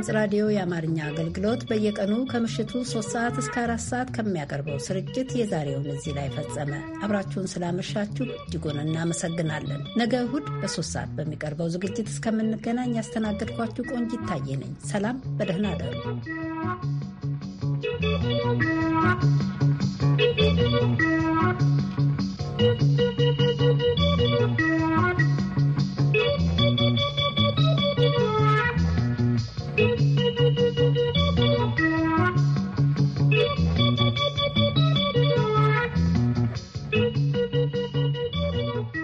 ድምፅ ራዲዮ የአማርኛ አገልግሎት በየቀኑ ከምሽቱ 3 ሰዓት እስከ 4 ሰዓት ከሚያቀርበው ስርጭት የዛሬውን እዚህ ላይ ፈጸመ። አብራችሁን ስላመሻችሁ እጅጉን እናመሰግናለን። ነገ እሁድ በሶስት ሰዓት በሚቀርበው ዝግጅት እስከምንገናኝ ያስተናገድኳችሁ ቆንጅ ታየ ነኝ። ሰላም፣ በደህና አደሩ።